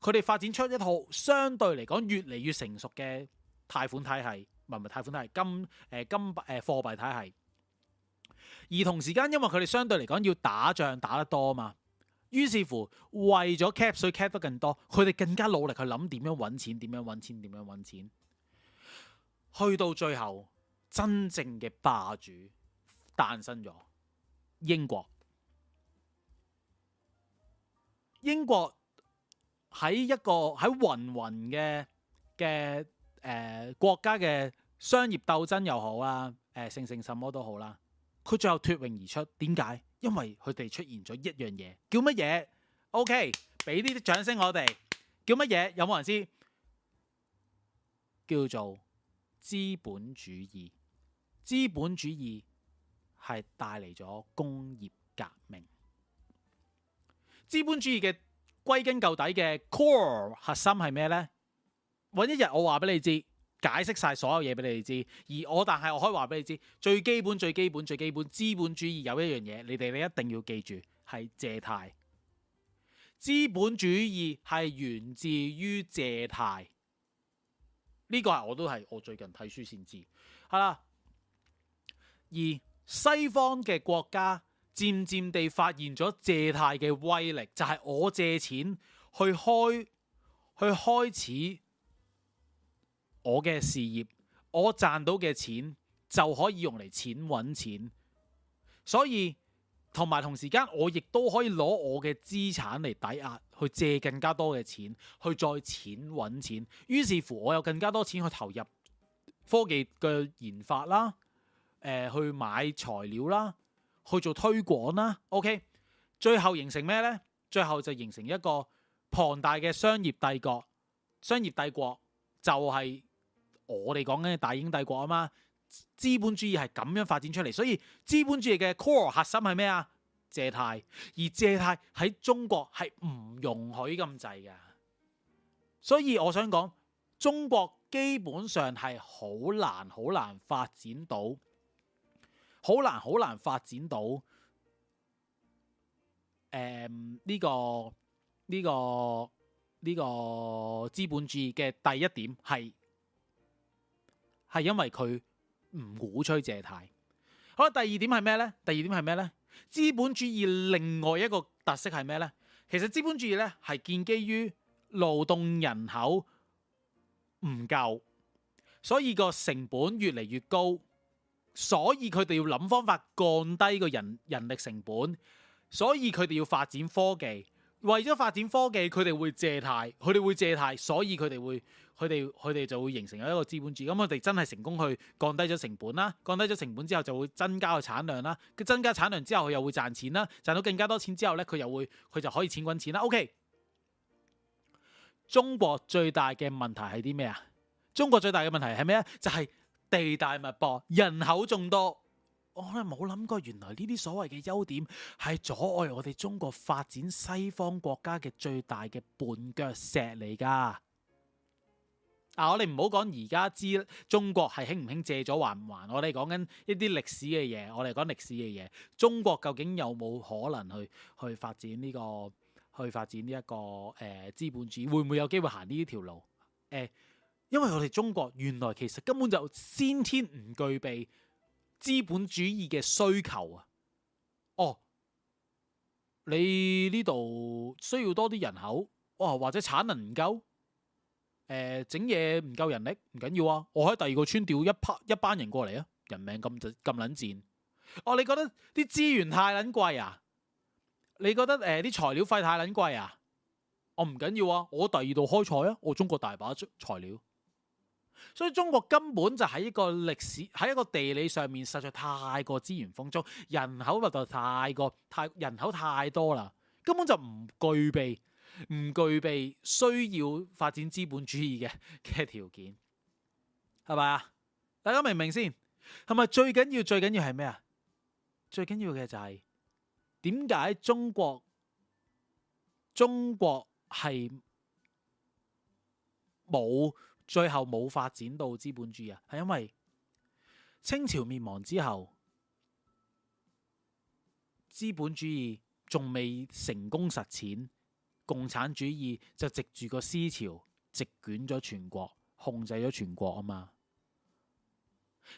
佢哋發展出一套相對嚟講越嚟越成熟嘅貸款體系，唔係貸款體系金誒、呃、金誒貨幣體系。而同時間，因為佢哋相對嚟講要打仗打得多嘛，於是乎為咗 cap 稅 cap 得更多，佢哋更加努力去諗點樣揾錢，點樣揾錢，點樣揾錢。去到最後，真正嘅霸主誕生咗，英國。英國喺一個喺芸芸嘅嘅誒國家嘅商業鬥爭又好啦，誒勝勝什麼都好啦，佢最後脱穎而出，點解？因為佢哋出現咗一樣嘢，叫乜嘢？OK，俾呢啲掌聲我，我哋叫乜嘢？有冇人知？叫做資本主義。資本主義係帶嚟咗工業革命。資本主義嘅歸根究底嘅 core 核心係咩呢？揾一日我話俾你知，解釋晒所有嘢俾你哋知。而我但係我可以話俾你知，最基本最基本最基本資本主義有一樣嘢，你哋你一定要記住係借貸。資本主義係源自於借貸，呢個係我都係我最近睇書先知。係啦，而西方嘅國家。漸漸地發現咗借貸嘅威力，就係我借錢去開，去開始我嘅事業，我賺到嘅錢就可以用嚟錢揾錢，所以同埋同時間，我亦都可以攞我嘅資產嚟抵押去借更加多嘅錢去再錢揾錢，於是乎我有更加多錢去投入科技嘅研發啦、呃，去買材料啦。去做推廣啦，OK，最後形成咩呢？最後就形成一個龐大嘅商業帝國。商業帝國就係我哋講緊嘅大英帝國啊嘛。資本主義係咁樣發展出嚟，所以資本主義嘅 core 核心係咩啊？借貸，而借貸喺中國係唔容許咁滯嘅。所以我想講，中國基本上係好難好難發展到。好難好難發展到誒呢、呃呢個呢、呢個呢、呢個資本主義嘅第一點係係因為佢唔鼓吹借貸。好啦，第二點係咩呢？第二點係咩咧？資本主義另外一個特色係咩呢？其實資本主義咧，係建基於勞動人口唔夠，所以個成本越嚟越高。所以佢哋要諗方法降低個人人力成本，所以佢哋要發展科技。為咗發展科技，佢哋會借貸，佢哋會借貸，所以佢哋會，佢哋佢哋就會形成一個資本主義。咁佢哋真係成功去降低咗成本啦，降低咗成本之後就會增加個產量啦。佢增加產量之後佢又會賺錢啦，賺到更加多錢之後呢，佢又會佢就可以錢滾錢啦。OK，中國最大嘅問題係啲咩啊？中國最大嘅問題係咩啊？就係、是。地大物博，人口眾多，我可能冇諗過，原來呢啲所謂嘅優點係阻礙我哋中國發展西方國家嘅最大嘅絆腳石嚟㗎。啊，我哋唔好講而家知中國係興唔興借咗還唔還，我哋講緊一啲歷史嘅嘢，我哋講歷史嘅嘢，中國究竟有冇可能去去發展呢個，去發展呢一個誒資本主義，會唔會有機會行呢條路？呃因為我哋中國原來其實根本就先天唔具備資本主義嘅需求啊！哦，你呢度需要多啲人口哇、哦，或者產能唔夠，誒整嘢唔夠人力唔緊要啊！我喺第二個村調一趴一班人過嚟啊！人命咁咁撚賤哦！你覺得啲資源太撚貴啊？你覺得誒啲、呃、材料費太撚貴啊？哦唔緊要啊，我第二度開採啊！我中國大把材料。所以中國根本就喺一個，歷史喺一個地理上面，實在太過資源豐足，人口密度太過太，人口太多啦，根本就唔具備，唔具備需要發展資本主義嘅嘅條件，係咪啊？大家明唔明先？係咪最緊要，最緊要係咩啊？最緊要嘅就係點解中國，中國係冇？最後冇發展到資本主義啊，係因為清朝滅亡之後，資本主義仲未成功實踐，共產主義就藉住個思潮，席捲咗全國，控制咗全國啊嘛。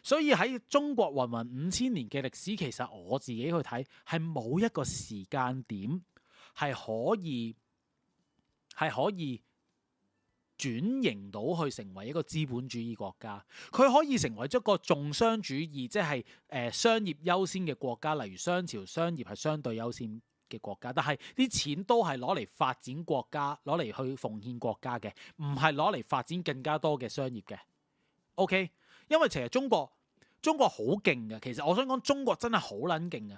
所以喺中國云云五千年嘅歷史，其實我自己去睇，係冇一個時間點係可以，係可以。轉型到去成為一個資本主義國家，佢可以成為一個重商主義，即係誒、呃、商業優先嘅國家，例如商朝商業係相對優先嘅國家，但係啲錢都係攞嚟發展國家，攞嚟去奉獻國家嘅，唔係攞嚟發展更加多嘅商業嘅。OK，因為其實中國中國好勁嘅，其實我想講中國真係好撚勁嘅，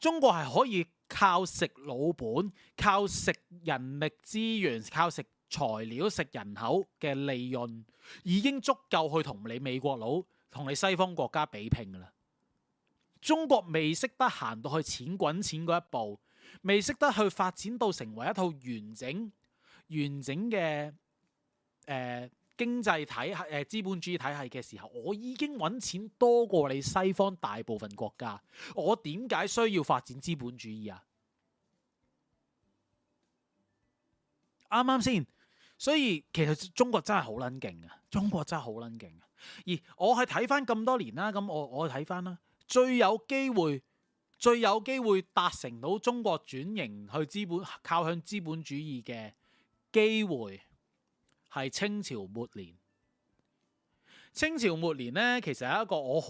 中國係可以靠食老本，靠食人力資源，靠食。材料食人口嘅利潤已經足夠去同你美國佬、同你西方國家比拼噶啦。中國未識得行到去錢滾錢嗰一步，未識得去發展到成為一套完整、完整嘅誒、呃、經濟體系、誒資本主義體系嘅時候，我已經揾錢多過你西方大部分國家。我點解需要發展資本主義啊？啱啱先。所以其實中國真係好撚勁嘅，中國真係好撚勁嘅。而我係睇返咁多年啦，咁我我睇返啦，最有機會、最有機會達成到中國轉型去資本靠向資本主義嘅機會係清朝末年。清朝末年呢，其實係一個我好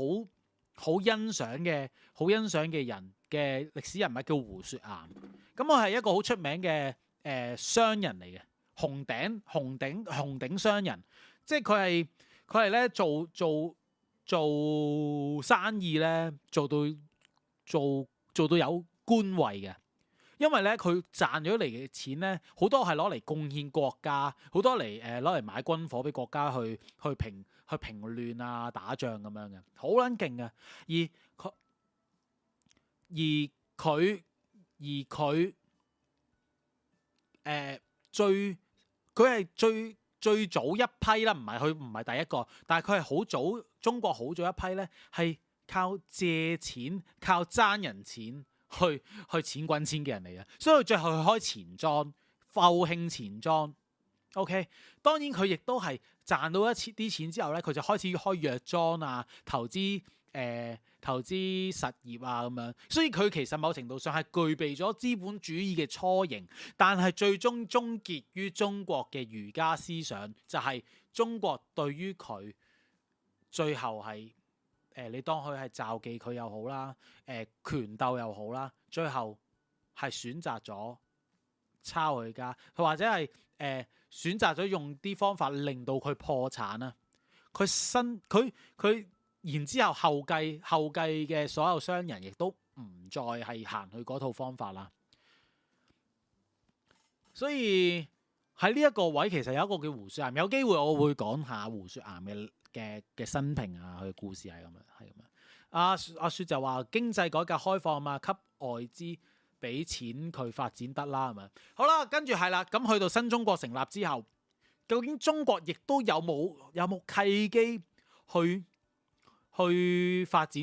好欣賞嘅、好欣賞嘅人嘅歷史人物，叫胡雪岩。咁我係一個好出名嘅誒、呃、商人嚟嘅。紅頂紅頂紅頂商人，即係佢係佢係咧做做做生意咧做到做做到有官位嘅。因為咧佢賺咗嚟嘅錢咧好多係攞嚟貢獻國家，好多嚟誒攞嚟買軍火俾國家去去平去平亂啊、打仗咁樣嘅，好撚勁嘅。而佢而佢而佢誒、呃、最。佢係最最早一批啦，唔係佢唔係第一個，但係佢係好早中國好早一批呢，係靠借錢、靠爭人錢去去錢滾錢嘅人嚟嘅，所以佢最後去開錢莊、阜興錢莊。OK，當然佢亦都係賺到一啲錢之後呢，佢就開始開藥莊啊，投資。誒、呃，投資實業啊，咁樣，所以佢其實某程度上係具備咗資本主義嘅雛形，但係最終終結於中國嘅儒家思想，就係中國對於佢最後係誒、呃，你當佢係召妓，佢、呃、又好啦，誒，權鬥又好啦，最後係選擇咗抄佢家，佢或者係誒、呃、選擇咗用啲方法令到佢破產啊。佢新佢佢。然之後，後繼後繼嘅所有商人亦都唔再係行去嗰套方法啦。所以喺呢一個位，其實有一個叫胡雪岩，有機會我會講下胡雪岩嘅嘅嘅生平啊，佢故事係咁樣係咁樣。阿阿、啊啊、雪就話經濟改革開放嘛，吸外資俾錢佢發展得啦，係咪？好啦，跟住係啦，咁去到新中國成立之後，究竟中國亦都有冇有冇契機去？去發展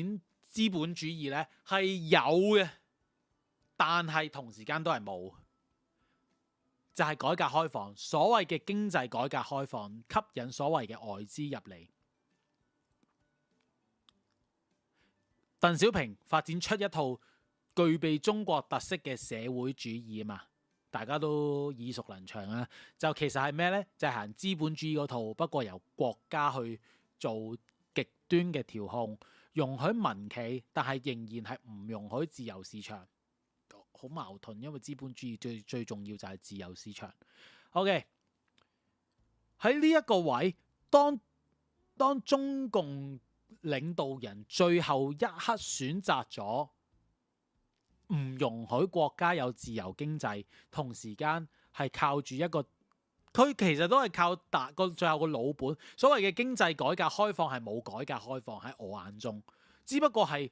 資本主義呢，係有嘅，但係同時間都係冇，就係、是、改革開放，所謂嘅經濟改革開放，吸引所謂嘅外資入嚟。鄧小平發展出一套具備中國特色嘅社會主義啊嘛，大家都耳熟能詳啊。就其實係咩呢？就係、是、行資本主義嗰套，不過由國家去做。極端嘅調控，容許民企，但係仍然係唔容許自由市場，好矛盾。因為資本主義最最重要就係自由市場。OK，喺呢一個位，當當中共領導人最後一刻選擇咗唔容許國家有自由經濟，同時間係靠住一個。佢其實都係靠大個最後個老本，所謂嘅經濟改革開放係冇改革開放，喺我眼中，只不過係，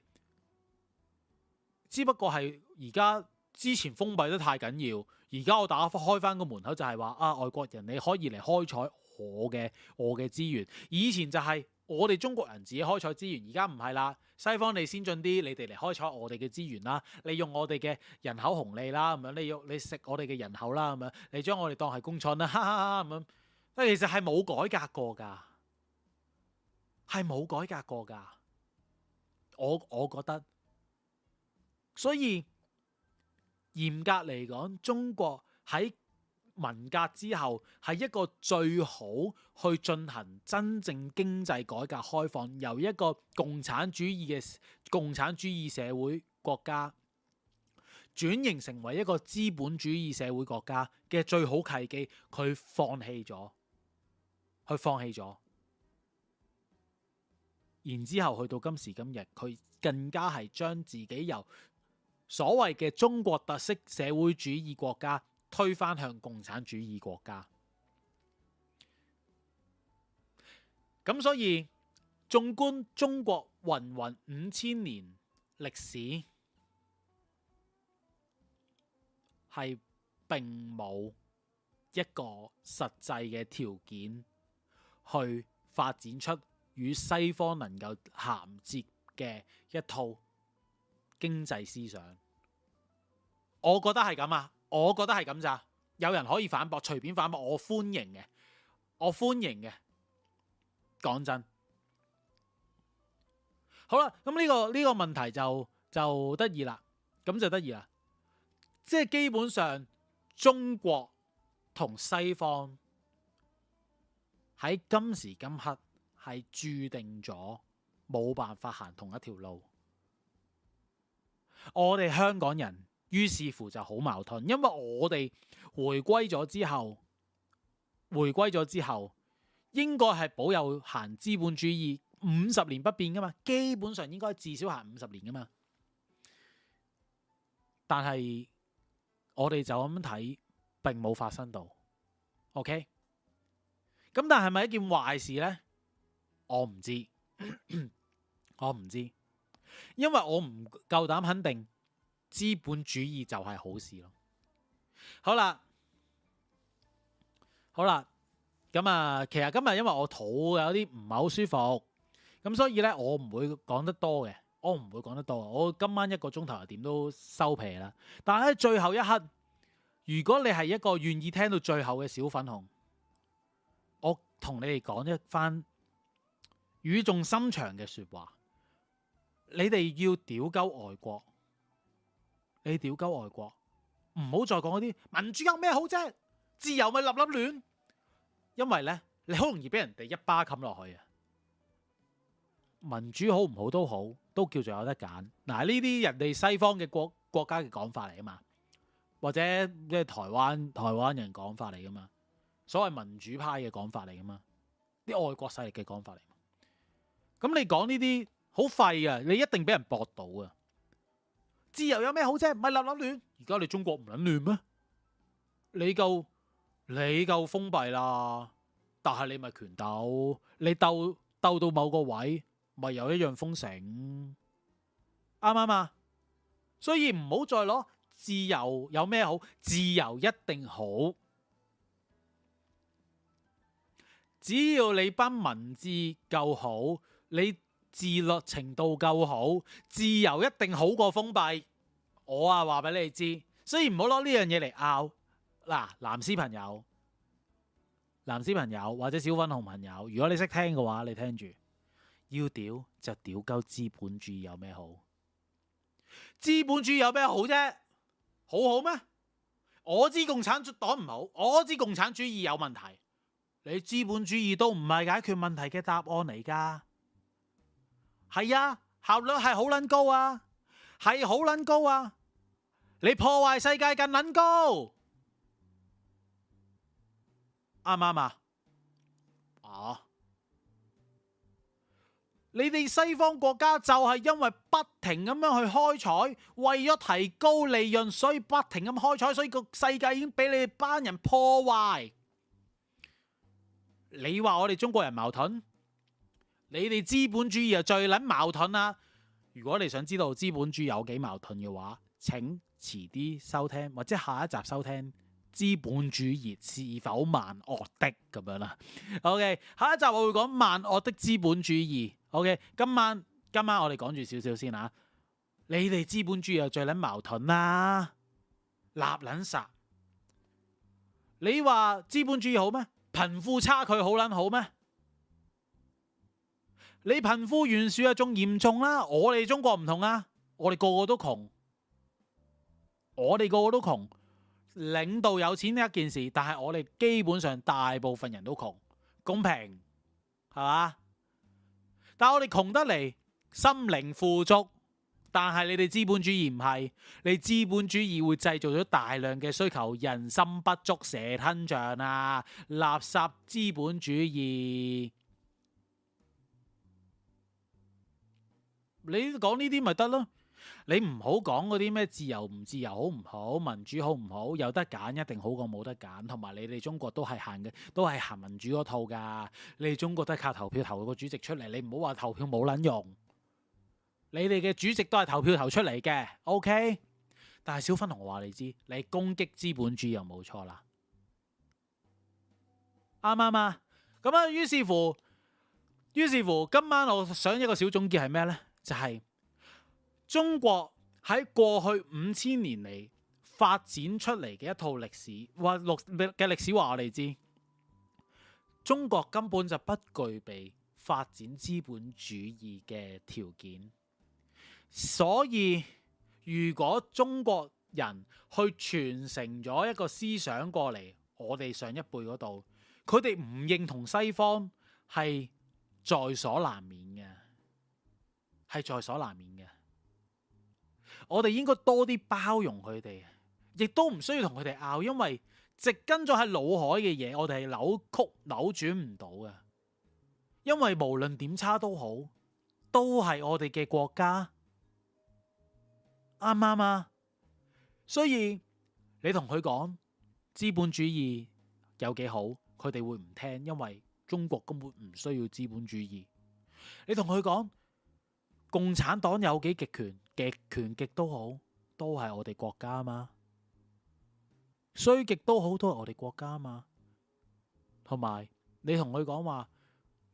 只不過係而家之前封閉得太緊要，而家我打開返個門口就係話啊，外國人你可以嚟開採我嘅我嘅資源，以前就係、是。我哋中國人自己開採資源，而家唔係啦，西方你先進啲，你哋嚟開採我哋嘅資源啦，你用我哋嘅人口紅利啦，咁樣你用你食我哋嘅人口啦，咁樣你將我哋當係工廠啦，咁樣，但其實係冇改革過噶，係冇改革過噶，我我覺得，所以嚴格嚟講，中國喺。文革之後係一個最好去進行真正經濟改革開放，由一個共產主義嘅共產主義社會國家轉型成為一個資本主義社會國家嘅最好契機，佢放棄咗，佢放棄咗，然之後去到今時今日，佢更加係將自己由所謂嘅中國特色社會主義國家。推翻向共產主義國家，咁所以縱觀中國云云五千年歷史，係並冇一個實際嘅條件去發展出與西方能夠銜接嘅一套經濟思想，我覺得係咁啊。我覺得係咁咋，有人可以反駁，隨便反駁，我歡迎嘅，我歡迎嘅。講真，好啦，咁呢個呢個問題就就得意啦，咁就得意啦。即係基本上，中國同西方喺今時今刻係註定咗冇辦法行同一條路。我哋香港人。於是乎就好矛盾，因為我哋回歸咗之後，回歸咗之後應該係保有行資本主義五十年不變㗎嘛，基本上應該至少行五十年㗎嘛。但係我哋就咁睇並冇發生到，OK？咁但係咪一件壞事呢？我唔知， 我唔知，因為我唔夠膽肯定。資本主義就係好事咯。好啦，好啦，咁啊，其實今日因為我肚有啲唔係好舒服，咁所以呢，我唔會講得多嘅，我唔會講得多。我今晚一個鐘頭又點都收皮啦。但喺最後一刻，如果你係一個願意聽到最後嘅小粉紅，我同你哋講一番語重心長嘅説話，你哋要屌鳩外國。你屌鳩外國，唔好再講嗰啲民主有咩好啫？自由咪立立亂，因為呢，你好容易俾人哋一巴冚落去啊！民主好唔好都好，都叫做有得揀。嗱，呢啲人哋西方嘅國國家嘅講法嚟啊嘛，或者即係台灣台灣人講法嚟噶嘛，所謂民主派嘅講法嚟噶嘛，啲外國勢力嘅講法嚟。咁你講呢啲好廢啊！你一定俾人駁到啊！自由有咩好啫？唔係立立亂。而家你中國唔捻亂咩？你夠你夠封閉啦。但係你咪拳鬥，你鬥鬥到某個位，咪有一樣封城。啱啱啊？所以唔好再攞自由有咩好？自由一定好。只要你班文字夠好，你。自律程度夠好，自由一定好過封閉。我啊話俾你知，所以唔好攞呢樣嘢嚟拗嗱。藍、啊、絲朋友、藍絲朋友或者小粉紅朋友，如果你識聽嘅話，你聽住，要屌就屌鳩資本主義有咩好？資本主義有咩好啫？好好咩？我知共產黨唔好，我知共產主義有問題。你資本主義都唔係解決問題嘅答案嚟㗎。係啊，效率係好撚高啊，係好撚高啊！你破壞世界更撚高，啱唔啱啊？啊！你哋西方國家就係因為不停咁樣去開採，為咗提高利潤，所以不停咁開採，所以個世界已經俾你哋班人破壞。你話我哋中國人矛盾？你哋資本主義又最撚矛盾啦，啊！如果你想知道資本主義有幾矛盾嘅話，請遲啲收聽，或者下一集收聽資本主義是否萬惡的咁樣啦。OK，下一集我會講萬惡的資本主義。OK，今晚今晚我哋講住少少先吓，你哋資本主義又最撚矛盾啦，啊，立捻殺！你話資本主義好咩？貧富差距好捻好咩？你貧富懸殊啊，仲嚴重啦！我哋中國唔同啊，我哋個個都窮，我哋個個都窮，領導有錢呢一件事，但係我哋基本上大部分人都窮，公平係嘛？但係我哋窮得嚟，心靈富足，但係你哋資本主義唔係，你資本主義會製造咗大量嘅需求，人心不足蛇吞象啊，垃圾資本主義。你講呢啲咪得咯，你唔好講嗰啲咩自由唔自由好唔好，民主好唔好，有得揀一定好過冇得揀，同埋你哋中國都係行嘅，都係行民主嗰套噶。你哋中國都係靠投票投個主席出嚟，你唔好話投票冇撚用。你哋嘅主席都係投票投出嚟嘅，OK。但係小粉紅，我話你知，你攻擊資本主義又冇錯啦，啱啱吖？咁啊，於是乎，於是乎，今晚我想一個小總結係咩呢？就係、是、中國喺過去五千年嚟發展出嚟嘅一套歷史或歷嘅歷史話我哋知，中國根本就不具備發展資本主義嘅條件，所以如果中國人去傳承咗一個思想過嚟，我哋上一輩嗰度，佢哋唔認同西方，係在所難免嘅。係在所難免嘅，我哋應該多啲包容佢哋，亦都唔需要同佢哋拗，因為植根咗喺腦海嘅嘢，我哋係扭曲扭轉唔到嘅。因為無論點差都好，都係我哋嘅國家，啱唔啱啊？所以你同佢講資本主義有幾好，佢哋會唔聽，因為中國根本唔需要資本主義。你同佢講。共產黨有幾極權，極權極都好，都係我哋國家嘛。衰極都好，都係我哋國家嘛。同埋，你同佢講話，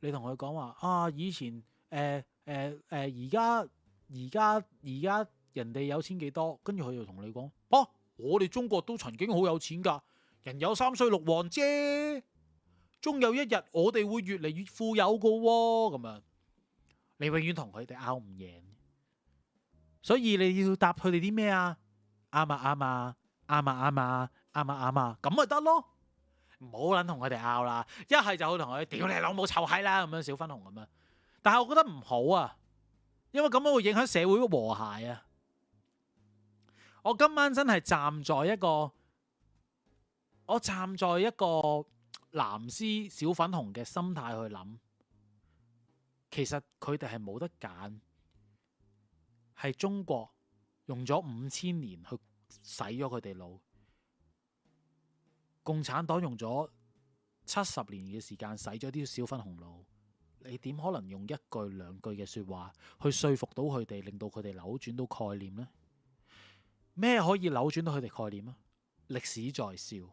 你同佢講話啊！以前誒誒誒，呃呃呃、而家而家而家人哋有錢幾多，跟住佢就同你講：哦、啊，我哋中國都曾經好有錢噶，人有三衰六旺啫，終有一日我哋會越嚟越富有噶、哦。咁樣！你永遠同佢哋拗唔贏，所以你要答佢哋啲咩啊？啱啊，啱啊，啱啊，啱啊，啱啊，啱啊，咁咪得咯，唔好撚同佢哋拗啦，一係就去同佢哋屌你老母臭閪啦，咁樣小粉紅咁樣，但係我覺得唔好啊，因為咁樣會影響社會嘅和諧啊。我今晚真係站在一個，我站在一個藍絲小粉紅嘅心態去諗。其實佢哋係冇得揀，係中國用咗五千年去洗咗佢哋腦，共產黨用咗七十年嘅時間洗咗啲小粉紅腦，你點可能用一句兩句嘅説話去說服到佢哋，令到佢哋扭轉到概念呢？咩可以扭轉到佢哋概念啊？歷史在笑，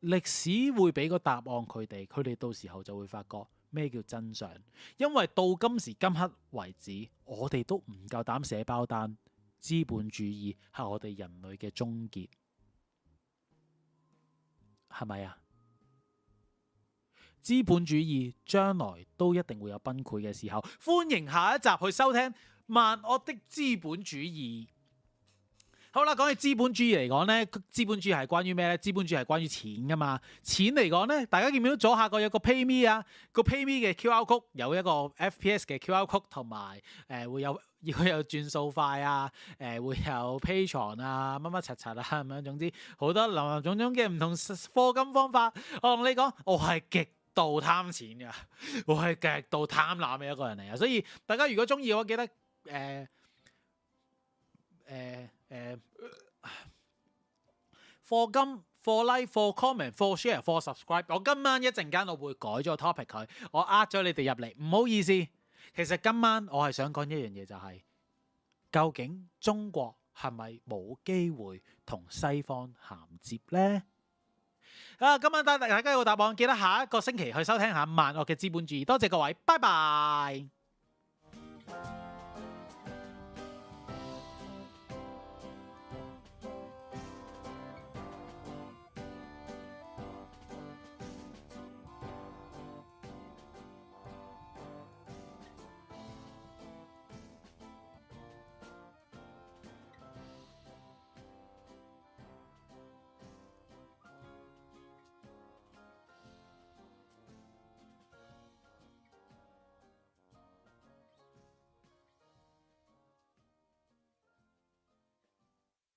歷史會俾個答案佢哋，佢哋到時候就會發覺。咩叫真相？因為到今時今刻為止，我哋都唔夠膽寫包單。資本主義係我哋人類嘅終結，係咪啊？資本主義將來都一定會有崩潰嘅時候。歡迎下一集去收聽《萬惡的資本主義》。好啦，講起資本主義嚟講咧，資本主義係關於咩咧？資本主義係關於錢噶嘛？錢嚟講咧，大家見唔見到左下角有個 PayMe 啊，個 PayMe 嘅 QR Code 有一個 FPS 嘅 QR Code，同埋誒會有會有轉數快啊，誒、呃、會有 Patreon 啊，乜乜柒柒啊，咁樣，總之好多林林種種嘅唔同課金方法。我同你講，我係極度貪錢噶，我係極度貪婪嘅一個人嚟啊！所以大家如果中意，我記得誒誒。呃呃誒、uh，for 金 for like,for comment,for share,for subscribe。我今晚一陣間我會改咗個 topic 佢，我呃咗你哋入嚟，唔好意思。其實今晚我係想講一樣嘢，就是，就係究竟中國係咪冇機會同西方銜接呢？啊，今晚得大家有個答案，記得下一個星期去收聽下《萬惡嘅資本主義》。多謝各位，拜拜。